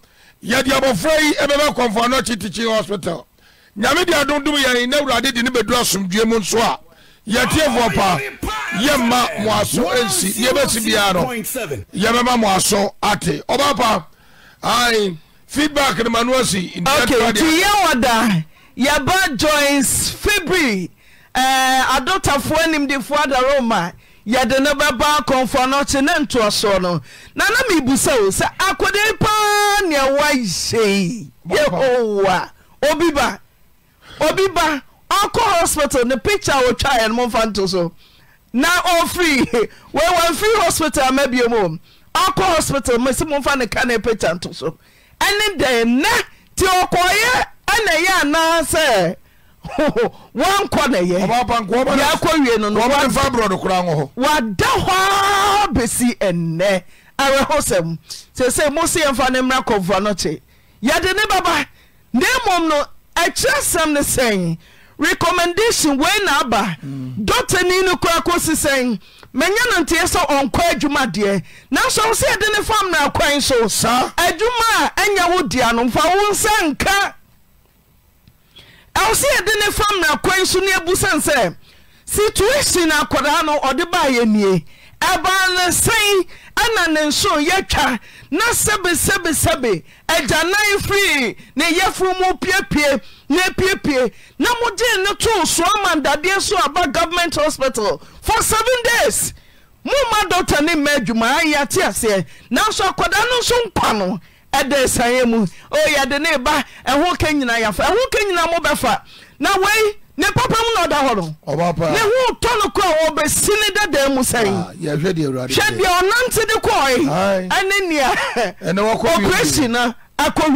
yɛde abɔfra yi bɛbɛ kɔmfoɔ no kyitikyi hospital nyame de adomdom yɛn na awurade de ne bɛdu asomdwe mu nso a yɛtiefoɔ paa yɛmma mo aso ansi deɛ biara no yɛbɛma mo aso ate ɔba pa ai feedback no ma no asi nti yɛwɔ da yɛba joins fibri adɔtafoɔ animdefoɔ adaroma yɛde ne bɛba akɔmfɔ no kye ne ntoɔsoɔ no na na mibusa o sɛ akode paa nea wahyei yehowa obi ba obi ba ɔkɔ hospital ne picture a wɔtwaeɛ no momfa nto so na ɔfiri wɔwɔmfiri hospital ama biom ɔkɔ hospital mɛsi momfa ne ka ne picture nto so ɛne dɛn nɛ nti ɔkɔɔyɛ ɛna ɛyɛ anaa sɛ wɔnkɔ neyɛyɛakɔ wie no no wada hɔ a bɛsi ɛnnɛ awerɛhosɛm sɛsei mo sɛ yɛmfa ne mmra kɔmfa no kye yɛde ne baba na mmom no akyerɛ sɛm ne sɛn recommendation wei na aba mm. dɔtani no kora kɔsi sɛn manyɛ no nteɛ sɛ ɔnkɔ adwuma deɛ nanso wo sɛ yɛde ne fa mmra kwan so adwuma a ɛnyɛ wo dea no mfa wo nsa ɛwɔsɛ yɛde ne fa mmra kwan so ne abusane sɛ situation akɔdaa no ɔde baa yɛ nnie ɛbaa nasɛi ɛna ne nso yɛtwa na sɛbesɛbesɛbe agyanai frii ne yɛfo mu piepie na piepie na mogyee no too soamandadeɛ so aba government hospital for see days momma dɔcta ne mma adwumaayɛ teaseɛ nanso akɔdaa no nso nkwa no ɛdɛ sae mu o yɛde ne ba hokɛ nyina yɛfa ɛhokɛ nyina mobɛfa na wei nne papa mu na ɔda hɔ none ho tɔ no kora wɔbɛsi ne dada mu saihwɛ ah, deɛ ɔnante de kɔe ɛne niaobrasi na akora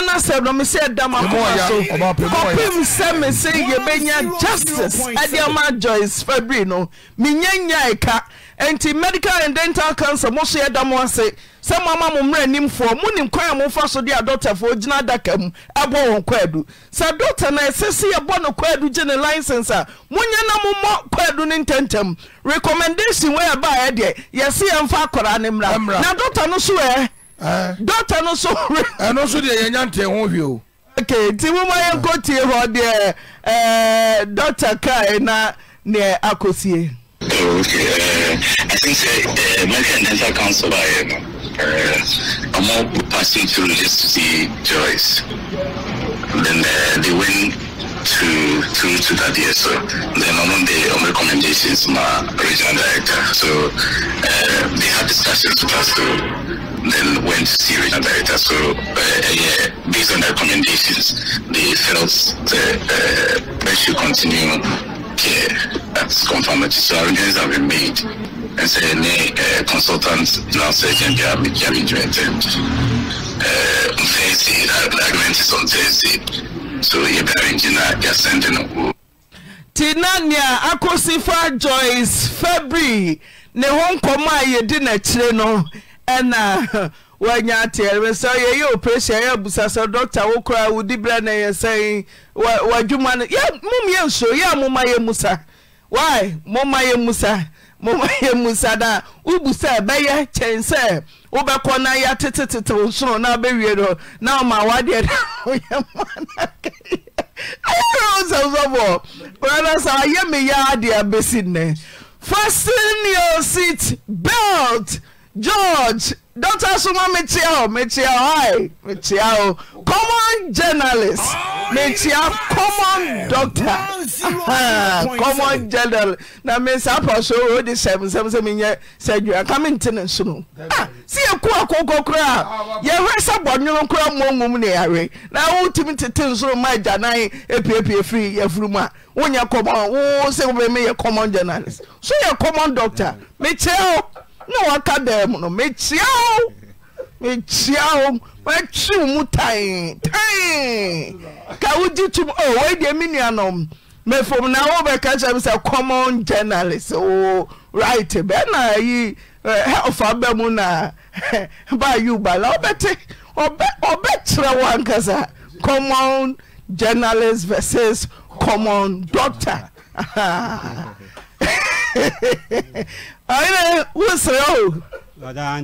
no eh, eh. sɛmnome sɛ ɛdam akoasokɔpem sɛ me se yɛbɛnya justice aduama ajoyc fa berri no menya nya ɛka ɛnti medical and dental councir mo so ɛda mo ase sɛ mo ama mommerɛ nimfoɔ moni kwan a mofa so de a dɔctafoɔ gyina adaka mu ɛbɔ wɔn kwadu sa dɔcta no ɛsɛsɛ yɛbɔ no kwadu gye ne license a monyana mommɔ kwaadu ne ntɛntɛm recommendation wey ɛba yɛ deɛ yɛsi yɛn fa akɔra ne mra na dɔkta no so ɛ dɔkta no so. ɛno so deɛ yɛnya ntɛ ho hwi o. okay ti mo ma yɛn ko tie hɔ deɛ ɛɛ dɔkta na neɛ akosie. okay uh, i think say uh, american dental council by uh, omo passing through just to see joyce then uh, they went. to to to that year. So then on the on recommendations, my regional director. So uh, they had discussions with us. So then went to see regional director. So uh, yeah, based on the recommendations, they felt the uh, they should continue care at conformity. So arrangements have been made. And say, any uh, consultants now say, can be have been joined. Uh, Thursday, the agreement is on Thursday. so yɛbɛyɛ gyina yɛasɛnde no kuo ndị na akosifa joyce febri ne ho nkɔmmɔ a yɛdi n'akyire no ɛna woanya ateɛreme sɛ yɛyɛ operation yɛ abusa sɛ dɔkta wo koraa wodi na yɛ sɛn w'adwuma no yɛ mom yɛ nsuo yɛ a moma yɛ moma yɛ musa moma yɛ na wobu wobɛkɔ no yɛ tetetete wo soro na wbɛwie do na oma wode nareosɛmsɛfo rana sɛ ayɛ meyɛade abɛsi ne fasinioset belt george Dr. Suma Metiao, Metiao, Metiao, common journalist, Metiao, common doctor, common journal. Na me sa pa so o di seven seven seven nye seju aka me ntene so no. Ah, si e ku akoko kura. Ah, ye hwe sa bɔnwo kura mmomum ne yare. Na wo timi tete nso ma agya nan epiepie free ye furu mu a. Wo nya common, wo se wo be me ye common journalist. So ye common doctor, Metiao. ne woka da mu no mekyia wo mekyiawo matwe mo mu ta ta ka wogye tim oh, wodeɛ menua no mefomu no wobɛka kyeɛ m sɛ common journalist o right bɛna yi eh, helf ba mu na bayobala ɔbɛkyerɛ woankasɛ common journalist verss common doctor 我死老家